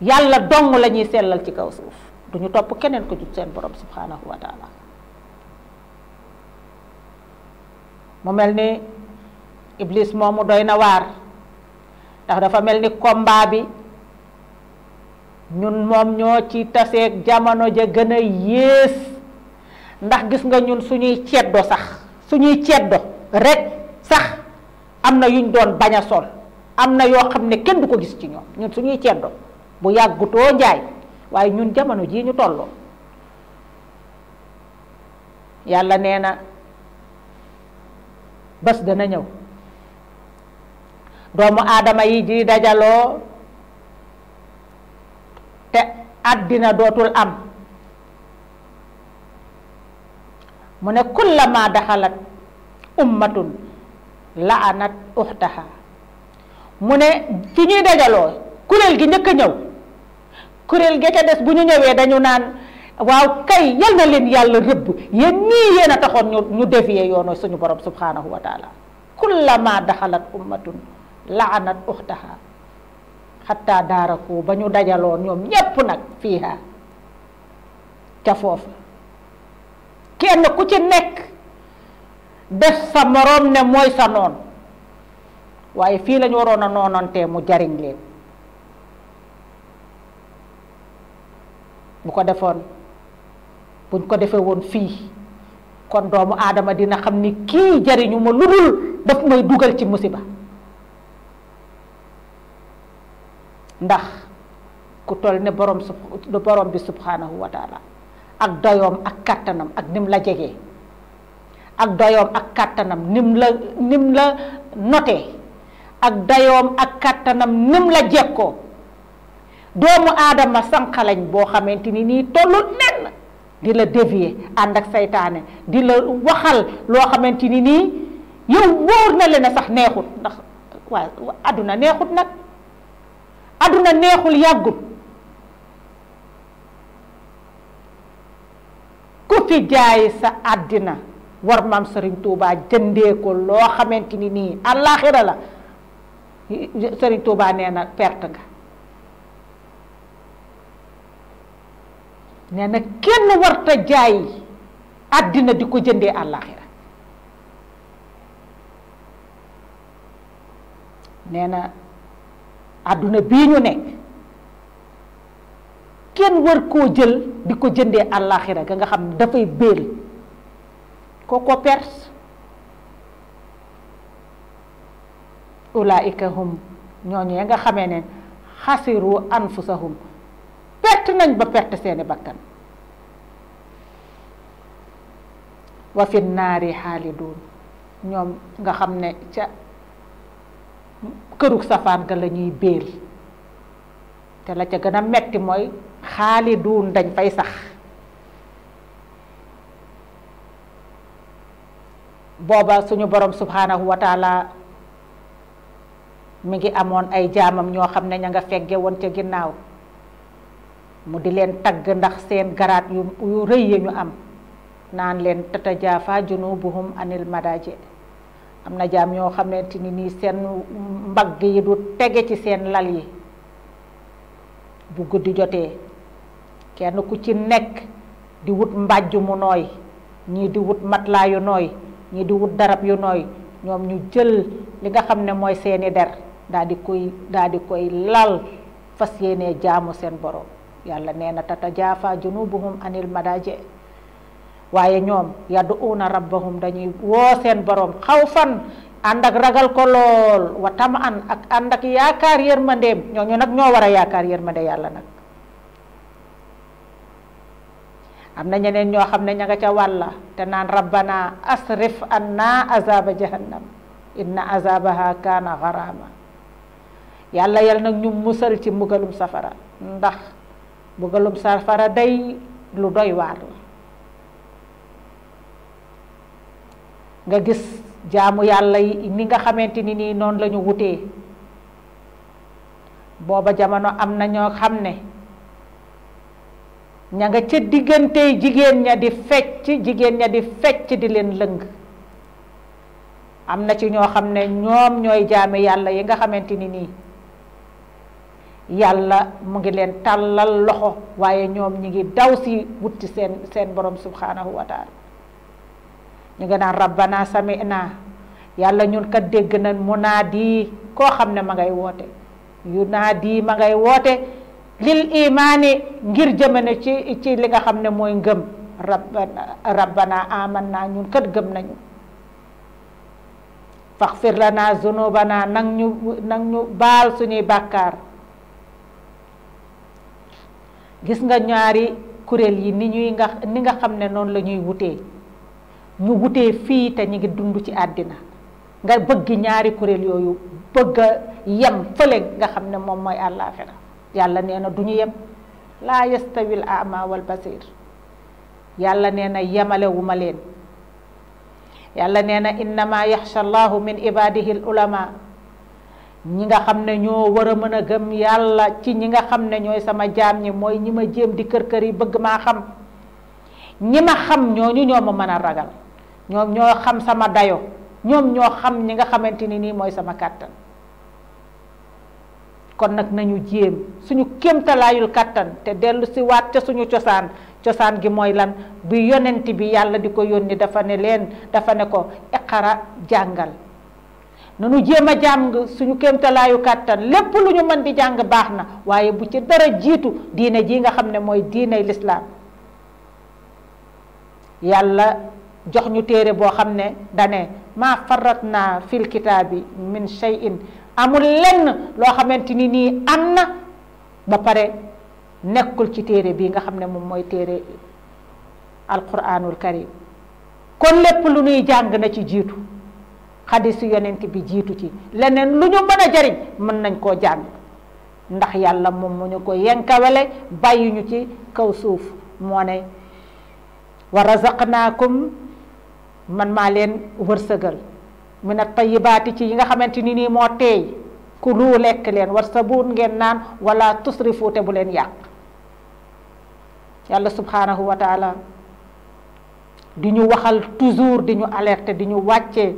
yàlla dong la ñuy sellal ci kaw suuf du ñu topp keneen ko jub seen borom subhanahu wa taala mu mel ni iblis moomu doy na waar ndax dafa mel ni combat bi ñun moom ñoo ci taseeg jamono ja gën a yées ndax gis nga ñun suñuy ceddo sax suñuy ceddo rekk sax am na yuñ doon bañ a sol am na yoo xam ne kenn du ko gis ci ñoom ñun suñuy ceddo bu yàggutoo njaay waaye ñun jamono jii ñu tolloo yàlla nee na bés dana ñëw doomu aadama yi di dajaloo te àddina dootul am mu ne kullama daxalat ummatun la'anat uxtaha mu ne fi ñuy dajaloo kuréel gi njëkk a ñëw kuréel gi ca des bu ñu ñëwee dañu naan waaw kay yal na leen yàlla rëbb yéen ñii yéen taxoon ñu ñu dévier yoonu suñu borom subhanahu wa taala kullama daxalat ummatun laanat uxtaha xatta daaraku ba ñu dajaloon ñoom ñépp nag fiiha ca foofu kenn ku ci nekk def sa moroom ne mooy sa noon waaye fii lañu waroon a noonante mu jariñ leen bu ko defoon buñ ko defee won fi kon doomu adama dina xamni ki jariñu ma ludul daf may duggal ci musiba ndax ku tol ne borom borom bi subhanahu wa taala ak doyom ak katanam ak nim la jegee ak doyom ak katanam nim la nim la noté ak dayoom ak katanam nim la jekkoo doomu adama sànqalañ bo xamanteni ni tollu ne di la dévier ànd ak saytaane di la waxal loo xamante ni nii yow wóor na le ne sax neexut ndax waa àdduna neexut nag àdduna neexul yàggut ku fi jaay sa àddina war maam Serigne Touba jëndee ko loo xamante ni nii àllaaxira la Serigne Touba nee na perte nga nee na kenn warta jaay àddina di ko jëndee àllaaxira nee na àdduna bii ñu nekk kenn war koo jël di ko jëndee àllaaxira ga nga xam ne dafay béel ko perte ulaika hum ñooñu ya nga xamee ne xasiru anfusahum perte nañ ba perte seeni bakkan wa fi naari xaalidun ñoom nga xam ne ca kërug safaan ga la ñuy béel te la ca gën a metti mooy xaalidun dañ fay sax booba suñu boroom subhanahu wataala mu ngi amoon ay jaamam ñoo xam ne ña nga fegge woon ca ginnaaw mu di leen tagg ndax seen garaat yu yu rëy ñu am naan leen tatajaafa junubuhum anil madaji am na jaam ñoo ne ni nii seen mbagg yi du tege ci seen lal yi bu guddi jotee kenn ku ci nekk di wut mbàjj mu nooy ñii di wut matelas yu nooy ñii di wut darab yu nooy ñoom ñu jël li nga xam ne mooy seeni der daal koy daal koy lal fas yéenee jaamu seen borom Yalla neena Jafa tatajafa junubuhum anil madaje waye nyom yaduuna rabbahum dañuy wo sen borom khawfan andak ragal ko lol watam an ak andak yaakar yermande yërmandeem ñooñu nag ñoo war a yaakaar nak amna ñeneen ñoo xamne ñanga ca walla te nan rabbana asrif anna azab jahannam inna azabaha kana gharama yalla yalla nak ñu musal ci mugalum safara ndax mbugalum safara day lu doy waar la nga gis jaamu yàlla yi ni nga xamante ni nii noonu lañu ñu wutee booba jamono am na ñoo xam ne ña nga ca diggante jigéen ña di fecc jigéen ña di fecc di leen lëng am na ci ñoo xam ne ñoom ñooy jaami yàlla yi nga xamante ni nii yàlla mu ngi leen tàllal loxo waaye ñoom ñi ngi daw si wutti seen seen borom subhanahu wa taala ñu ngi naan rabbana sami'na yàlla ñun kat dégg nañ mu naa di koo xam ne ma ngay woote yu naa ma ngay woote lil imaani ngir jëmane ci ci li nga xam ne mooy ngëm rabbana rabbana amanna ñun kat gëm nañu faxfir lana zunubana nang ñu nang ñu baal suñuy bàkkaar gis nga ñaari kuréel yi ni ñuy nga ni nga xam ne noonu la ñuy wutee ñu wutee fii te ñi ngi dund ci àddina nga bëgg ñaari kuréel yooyu bëgg a yem fële nga xam ne moom mooy àllaaxira yàlla nee na du ñu yem laa yastawil ama wal basir yàlla nee na yemalewuma leen yàlla nee na innama yaxsha allahu min ibadihi al ulama ñi nga xamne ne ñoo war a gëm yalla ci ñi nga xamne ñoy sama jaam ñi moy ñima jëm di kër kër yi bëgg ma xam ñima ma xam ñooñu ñoo ma mëna ragal ñoom ñoo xam sama dayo ñoom ñoo xam ñi nga xamanteni ni moy sama kàttan kon nak nañu jëm suñu layul kàttan te delu si waat ci suñu ciosan ciosan gi moy lan bi yonenti bi yalla di koyon dafa ne len dafa ne ko iqra jangal nanu jéem a jàng suñu kéemtalaayu kàttan lépp lu ñu mën di jàng baax na waaye bu ci dara jiitu diine ji nga xam ne mooy diiney lislaam yàlla jox ñu téere boo xam ne dane maa farat naa fil kitaabi min shay'in amul lenn loo xamante ni nii am na ba pare nekkul ci téere bii nga xam ne moom mooy téere alquranul karim kon lépp lu nuy jàng na ci jiitu xadisu yonent bi jiitu ci leneen lu ñu mën a jariñ mën nañ koo jàng ndax yàlla moom mu ñu ko yenkawele bàyyuñu ci kaw suuf moo ne naa razaqnaakum man maa leen wërsëgal min a tayibaati ci yi nga xamante ni nii moo teey ku lu lekk leen war ngeen naan wala tusrifu te bu leen yàq yàlla subhanahu wa taala di ñu waxal toujours di ñu alerter di ñu wàccee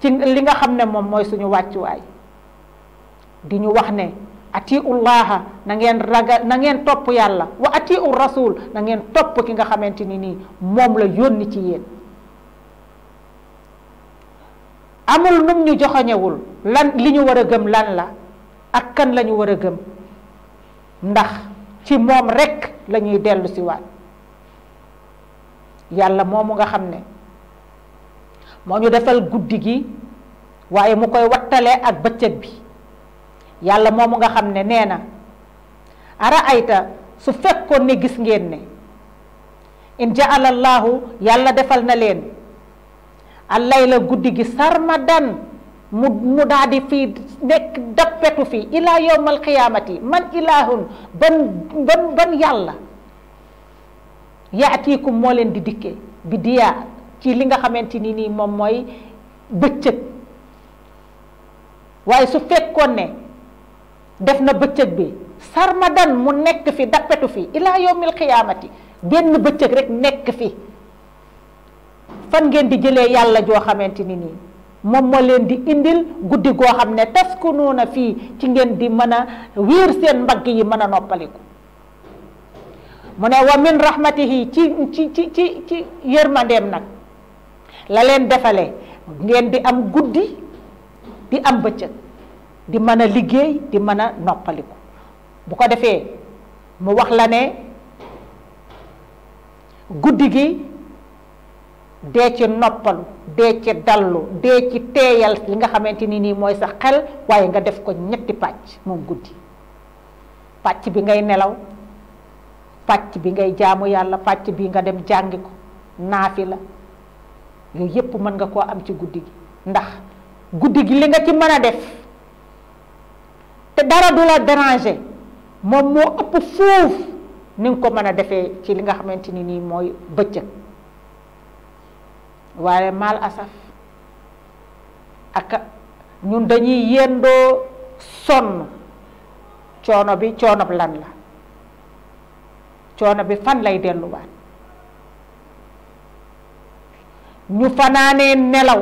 ci li nga xamne ne moy suñu waccu way di ñu wax ne atiullaha na ngeen raga na ngeen top yalla wa atiu rasul na ngeen top ki nga xamanteni ni mom la yoni ci yeen amul num ñu joxañewul lan li ñu wara gëm lan la ak kan lañu wara gëm ndax ci mom rek lañuy delu ci waat nga xamne moo ñu defal guddi gi waaye mu koy wattalee ak bëccëg bi yàlla moomu nga xam ne nee na ara ayta su fekkoon ne gis ngeen ne in ja'alallaahu yàlla defal na leen allayla guddi gi sarmadan mu mu daa di fii nekk dappetu fii ilaa yowmal qiyaamati man ilaahun ban ban ban yàlla yaatiikum moo leen di dikkee bi diyaa ci li nga xamante ni nii moom mooy bëccëg waaye su fekkoon ne def na bëccëg bi sarmadan mu nekk fi dappetu fi ilaa yawmil xiyaamati benn bëccëg rek nekk fi fan ngeen di jëlee yàlla joo xamante ni nii moom moo leen di indil guddi goo xam ne taskunuuna fii ci ngeen di mën a wiir seen mbagg yi mën a noppaliku mu ne wa min rahmatihi ci ci ci ci ci yërmandeem nag la leen defalee ngeen di am guddi di am bëccëg di mën a liggéey di mën a noppaliku bu ko defee mu wax la ne guddi gi dee ci noppalu dee ci dallu dee ci teeyal li nga xamante ni nii mooy sax xel waaye nga def ko ñetti pàcc moom guddi pàcc bi ngay nelaw pàcc bi ngay jaamu yàlla pàcc bi nga dem jàngi ko naafi la yooyu yep man nga ko am ci guddigi ndax guddigi li nga ci meuna def te dara du la déranger mom mo upp fouf ni ko meuna defé ci li nga xamanteni ni moy beccëk waye mal asaf ak ñun dañuy yendo son nabi bi choono bi lan la choono bi fan lay delluwaat ñu fanaanee nelaw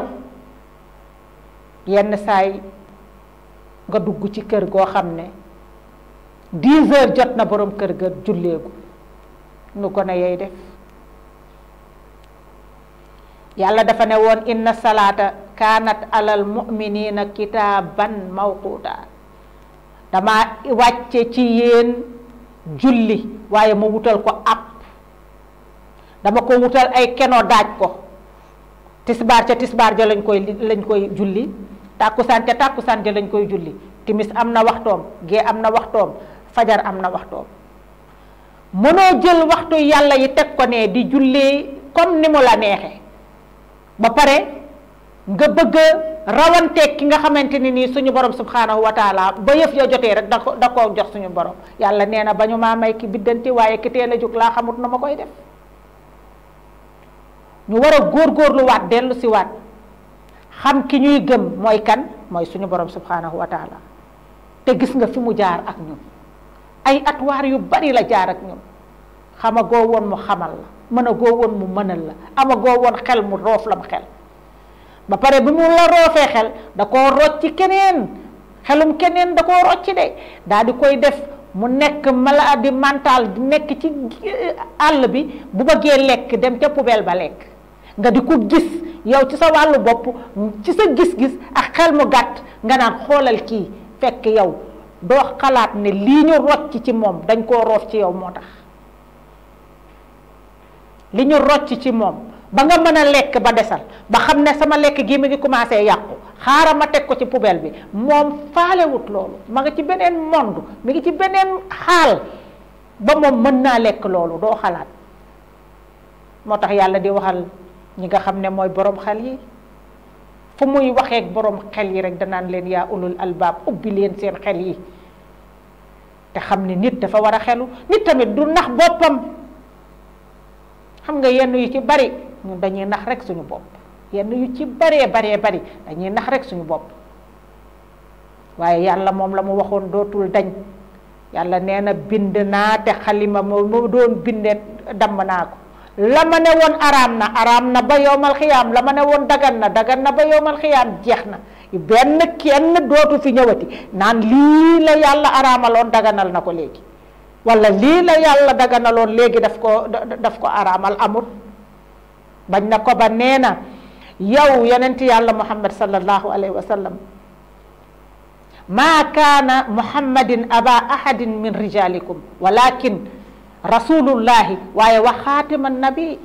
yenn saay nga dugg ci kër goo xam ne dix heures jot na boroom kër ga julleegu nu ko gone yey def yàlla dafa ne woon inna salaata kaanat alal mu'minina kitaaban mawquuta dama wàcce ci yéen julli waaye ma wutal ko ab dama ko wutal ay keno daaj ko Tisbar ca tisbar ja lañ koy lañ koy julli takusan ca takusan ja lañ koy julli timis amna waxtom ge amna waxtom fajar amna waxtom mono jël waxtu yalla yi tek ko ne di julli comme ni mo la nexé ba paré nga bëgg rawante ki nga xamanteni ni suñu borom subhanahu wa ta'ala ba yef yo ya joté rek dako dako jox suñu borom yalla neena bañu ma may ki bidanti waye ki téna juk la xamut na makoy def ñu war a góor waat dellu si waat xam ki ñuy gëm mooy kan mooy suñu borom subhanahu wa taala te gis nga fi mu jaar ak ñun ay atwaar yu bari la jaar ak ñun xama goo woon mu xamal la mën a goo woon mu mënal la ama goo woon xel mu roof lam xel ba pare bi mu la roofee xel da koo rocc ci keneen xelum keneen da koo rocc de daal di koy def mu nekk maladie mentale di nekk ci eh, àll bi bu bëggee lekk dem ca poubelle ba lekk nga di ko gis yow ci sa wàllu bopp ci sa gis-gis ak xel mu gàtt nga naan xoolal kii fekk yow doo xalaat ni lii ñu rocc ci moom dañ koo roof ci yow moo tax li ñu rocc ci moom ba nga mën a lekk ba desal ba xam ne sama lekk gii mi ngi commencé yàqu xaaral ma teg ko ci poubelle bi moom faalewut loolu ma nga ci beneen monde mi ngi ci beneen xaal ba moom mën naa lekk loolu doo xalaat moo tax yàlla di waxal ñi nga xam ne mooy boroom xel yi fu muy waxee boroom xel yi rek danaan leen yaa ulul albaab ubbi leen seen xel yi te xam ne nit dafa war a xelu nit tamit du nax boppam xam nga yenn yu ci bari ñun nax rek suñu bopp yenn yu ci baree baree bari dañuy nax rek suñu bopp waaye yàlla moom la mu waxoon dootul dañ yàlla nee na bind naa te xalima moo doon bindee damm naa ko la ma ne woon araam na araam na ba yowmal xiyaam la ma ne woon dagan na dagan na ba yowmal xiyaam jeex na benn kenn dootu fi ñëwati naan lii la yàlla araamaloon daganal na ko léegi wala lii la yàlla daganaloon léegi daf ko daf ko araamal amut bañ na ko ba nee na yow yonent yàlla muhammad sallallahu alayhi wa sallam maa kaana muhammadin aba ahadin min rijalikum walakin rasulullahi waaye wa xaatima nabi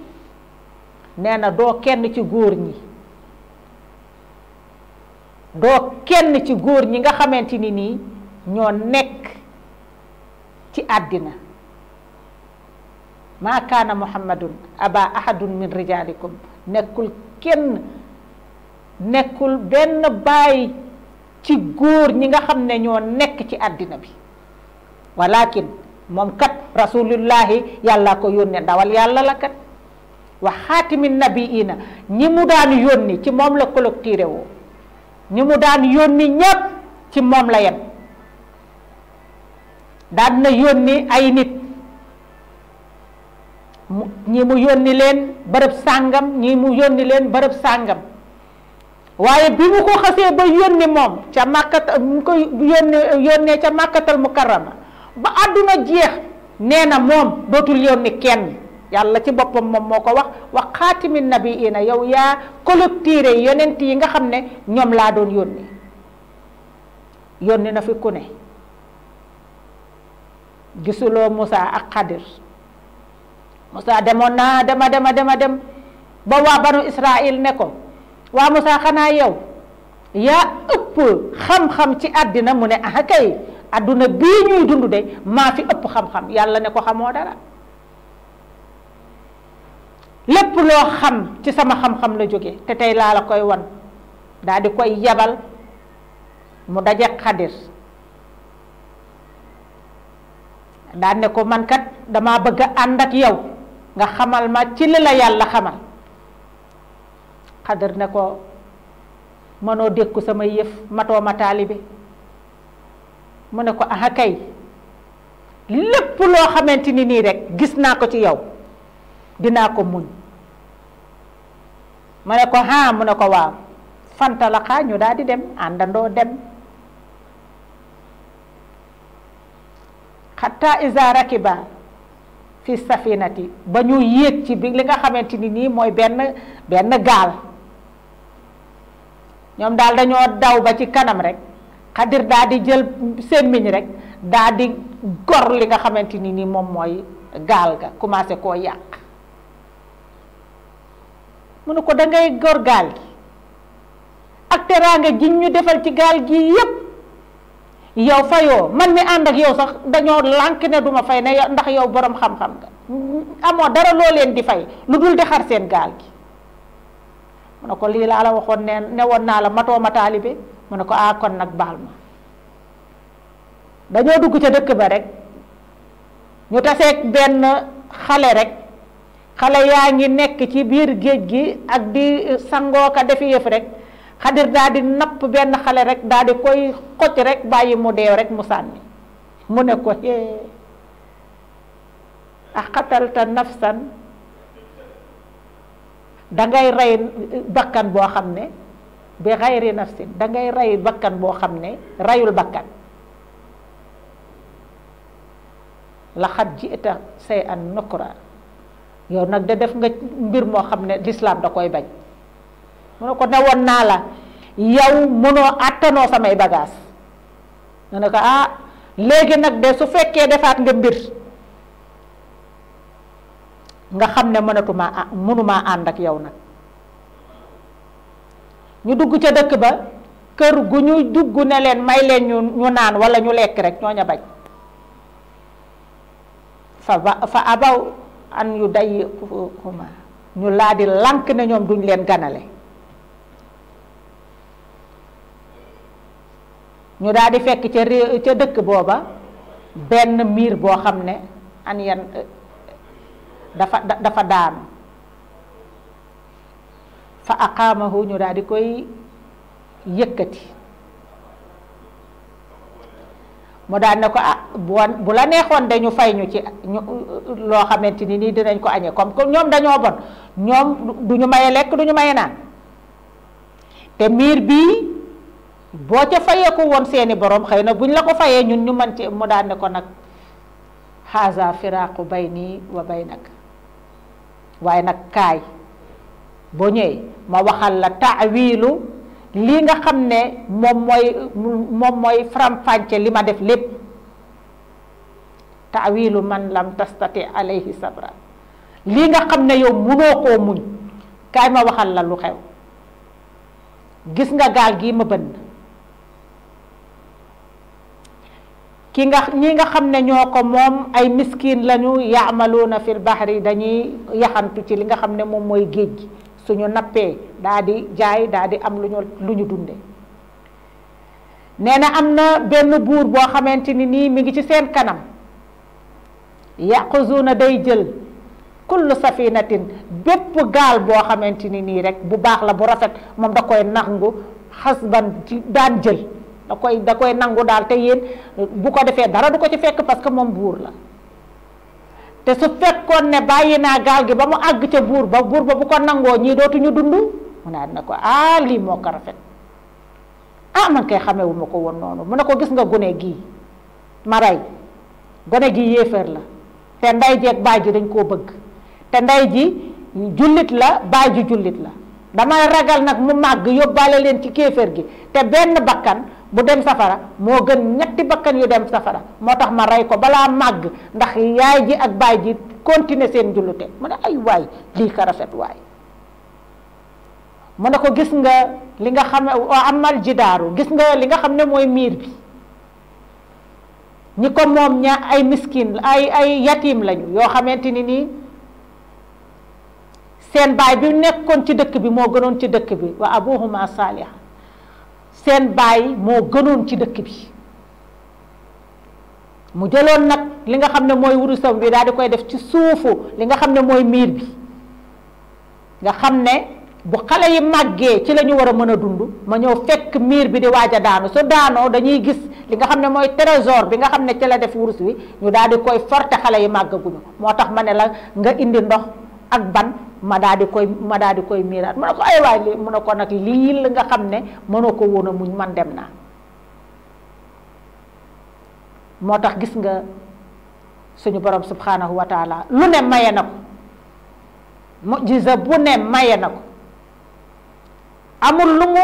nee na doo kenn ci góor ñi doo kenn ci góor ñi nga xamante ni nii ñoo nekk ci àddina maa kaana muhammadun aba ahadun min rijalikum nekkul kenn nekkul benn bàyyi ci góor ñi nga xam ne ñoo nekk ci àddina bi walakin moom kat rasulullahi yàlla ko yónne ndawal yàlla la kat wa xaatimi nabiina ñi mu daan yónni ci moom la collectiré woo ñi mu daan yónni ñépp ci moom la yem daan na yónni ay nit ñi mu yónni leen bërëb sàngam ñi mu yónni leen bërëb sàngam waaye bi mu ko xasee ba yónni moom ca màkkat mu ko yónni yónnee ca màkkatal mukarrama ba àdduna jeex nee na moom dootul yónni kenn yàlla ci boppam moom moo ko wax wa xaatimi nabiina yow yaa collecteur yonent yi nga xam ne ñoom laa doon yónni yónni na fi ku ne gisuloo Moussa ak Xadir Moussa demoon naa dema dema dema dem ba waa banu Israil ne ko waa Moussa xanaa yow yaa ëpp xam-xam ci àddina mu ne ah kay adduna bii ñuy dund de maa fi ëpp xam-xam yàlla ne ko xamoo dara lépp loo xam ci sama xam-xam la jóge te tey laa la koy wan daa di koy yabal mu daje xadir daan ne ko man kat damaa bëgg a ànd ak yow nga xamal ma ci li la yàlla xamal xadir ne ko mënoo dékku sama yëf matoo ma taalibe mu ne ko aha kay lépp loo xamante ni nii rek gis naa ko ci yow dinaa ko muñ mu ne ko haa mu ne ko waaw fantalaqaa ñu daal dem àndandoo dem xataa iza rakiba fi safinati ba ñu yéeg ci bi li nga xamante ni nii mooy benn benn gaal ñoom daal dañoo daw ba ci kanam rek xadir daa di jël sémmiñ rek daa di gor li nga xamante ni ni moom mooy gaal ga commencé koo yàq mu ne ko da gor gaal gi ak teraanga jiñ ñu defal ci gaal gi yépp yow fayoo man mi ànd ak yow sax dañoo lànk ne duma fay ne ndax yow boroom xam-xam nga amoo dara loo leen di fay lu dul di xar seen gaal gi mu ko lii laa la waxoon ne ne woon naa la matoo ma mu ne ko a ah, kon nag baal ma dañoo dugg ca dëkk ba rek ñu tasee benn xale rek xale yaa ngi nekk ci biir géej gi ak di sangoo ka defi yëf rek xadir daal di napp benn xale rek daal koy xocc rek bàyyi mu deew rek mu sànni mu ne ko hee a xatalta nafsan dangay rey bakkan boo xam ne bi xayri nafsin da ngay rey bakkan boo xam ne reyul bakkan laxat ji ita sey an nukra yow nag da def nga mbir moo xam ne lislaam da koy bañ mu ne ko ne woon naa la yow mënoo àttanoo samay bagaas nga ne ko ah léegi nag de su fekkee defaat nga mbir nga xam ne mënatumaa mënuma ànd ak yow nag ñu dugg ca dëkk ba kër gu ñu dugg ne leen may leen ñu ñu naan wala ñu lekk rek ñooña bañ fa ba abaw an yu day ñu laa di lànk ne ñoom duñ leen ganale ñu daldi fekk ca ré ca dëkk booba benn miir boo xam ne an yan dafa dafa daanu fa aqaamahu ñu daal di koy yëkkati mu daal ne ko ah bu la neexoon de ñu fay ñu ci ñu loo xamante ni nii dinañ ko añee comme que ñoom dañoo bon ñoom du ñu maye lekk du ñu maye naan te miir bii boo ca fayeeku woon seeni borom xëy na buñ la ko fayee ñun ñu mën ci mu daal ne ko nag xaasa firaaqu bayni wa nag waaye nag kaay boo ñëwee ma waxal la taawilu lii nga xam ne moom mooy moom mooy faram li ma def lépp taawilu man lam tastati alayhi sabra lii nga xam ne yow munoo koo muñ kaay ma waxal la lu xew gis nga gaal gii ma bënn ki nga ñi nga xam ne ñoo ko moom ay miskin lañu yaamaluuna fil bahri dañuy yaxantu ci li nga xam ne moom mooy géej gi suñu nappé daldi di jaay daldi am lu luñu lu néna amna am na benn buur boo xamante ni mi ngi ci seen kanam yaquzuna day jël kullu safinatin bepp gal bo xamanteni ni rek bu baax la bu rafet mom da koy nangu hasban ci daan jël da koy da koy nangu dal te yeen bu ko defé dara du ko ci fekk parce que mom bour la te su fekkoon ne bàyyi naa gaal gi ba mu àgg ca buur ba buur ba bu ko nangoo ñii dootuñu dund mu naa dina ko ah lii moo ko rafet ah man kay xamewu ko woon noonu mu ne ko gis nga gune gi ma rey gone gi yéefar la te nday ji baay ji dañ koo bëgg te nday ji jullit la baay ji jullit la dama ragal nak mu mag yobale len ci kéeféer gi te benn bakkan bu dem safara mo gën ñetti bakkan yu dem safara motax ma ray ko bala mag ndax yaay ji ak baay ji continuer sen jullute mu ne ay way li ka rafet way mu ko gis nga li nga xam amal jidaru, gis nga li nga xam ne mir bi ñi ko mom ay miskin ay ay yatim lañu yo xamanteni ni seen baay bi nekkoon ci dëkk bi moo gënoon ci dëkk bi waa wa abuhuma saaliha seen baay moo gënoon ci dëkk bi mu jëloon nag li nga xam ne mooy wurusam bi daal di koy def ci suufu li nga xam ne mooy miir bi nga xam ne bu xale yi màggee ci la ñu war a mën a dund ma ñëw fekk miir bi di waaja daanu su daanoo dañuy gis li nga xam ne mooy trésor bi nga xam ne ci la def wurus wi ñu daal di koy forte xale yi màggaguñu moo tax ma ne la nga indi ndox ak ban ma daa di koy ma daa di koy miiraat mu ne ko ay waay li mu ne ko nag lii la nga xam ne mënoo ko woon a muñ man dem naa moo tax gis nga suñu borom subhanahu wa taala lu ne maye na ko maye na ko amul lu mu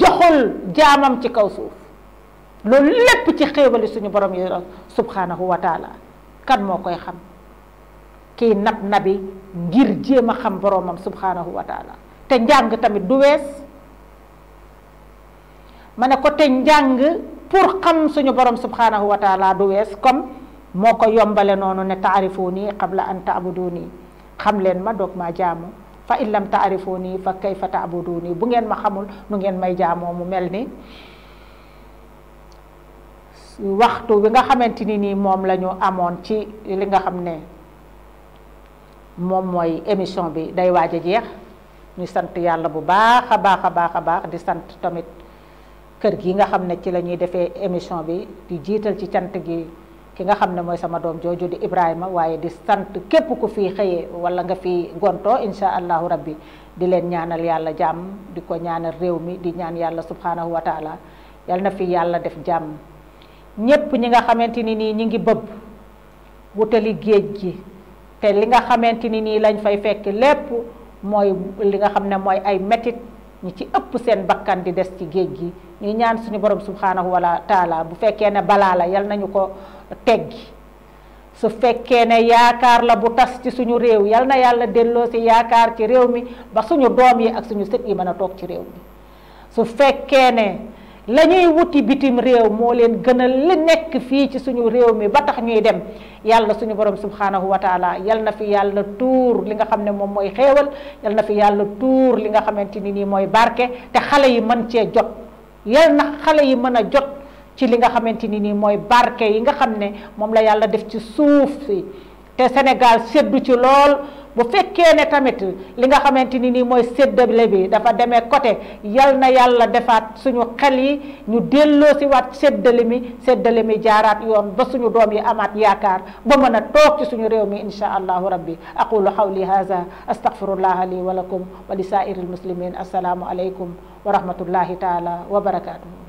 joxul jaamam ci kaw suuf loolu lépp ci xéewali suñu borom yi subhanahu wa taala kan moo koy xam kii nab nabi ngir jema xam boromam subhanahu wa taala te njang tamit du wess mané ko te njang pour xam suñu borom subhanahu wa taala du wess comme moko yombalé nonu ne ta'rifuni qabla an ta'buduni xam len ma dok ma jamu fa in lam taarifuni fa kayfa ta'buduni bu ngeen ma xamul nu ngeen may jamo mu melni waxtu bi nga xamanteni ni mom lañu amone ci li nga moom mooy émission bi day waaj jeex ñu sant yàlla bu baax a baax a baax a baax di sant tamit kër gi nga xam ne ci la ñuy defee émission bi di jiital ci cant gi ki nga xam ne mooy sama doom jooju di Ibrahima waaye di sant képp ko fi xëyee wala nga fi gontoo incha allahu rabbi di leen ñaanal yàlla jàmm di ko ñaanal réew mi di ñaan yàlla subhanahu wa taala na fi yàlla def jàmm ñépp ñi nga xamante nii ñi ngi bëbb wutali géej gi te li nga xamante ni nii lañ fay fekk lépp mooy li nga xam ne mooy ay metit ñi ci ëpp seen bakkan di des ci géej gi ñu ñaan suñu borom subhanahu wa taala bu fekkee ne balaa la yal nañu ko teggi su fekkee ne yaakaar la bu tas ci suñu réew yal na yàlla delloo si yaakaar ci réew mi ba suñu doom yi ak suñu sët yi mën a toog ci réew mi su fekkee ne la ñuy wuti bitim réew moo leen gën a li nekk fii ci suñu réew mi ba tax ñuy dem yàlla suñu borom subhanahu wa taala yal na fi yàlla tuur li nga xam ne moom mooy xéewal yal na fi yàlla tuur li nga xamante ni nii mooy barke te xale yi mën cee jot yal na xale yi mën a jot ci li nga xamante ni nii mooy barke yi nga xam ne moom la yàlla def ci suuf si te Sénégal seddu ci lool bu fekkee ne tamit li nga xamante ni nii mooy séddale bi dafa demee côté yal na yàlla defaat suñu xel yi ñu delloo si waat séddale mi séddale mi jaaraat yoon ba suñu doom yi amaat yaakaar ba mën a ci suñu réew mi insha allahu rabbi aqulu xawli haza astaghfirullaha li wa lakum wa li saa'iri almuslimin assalaamu alaykum wa rahmatullahi taala wa barakatuhu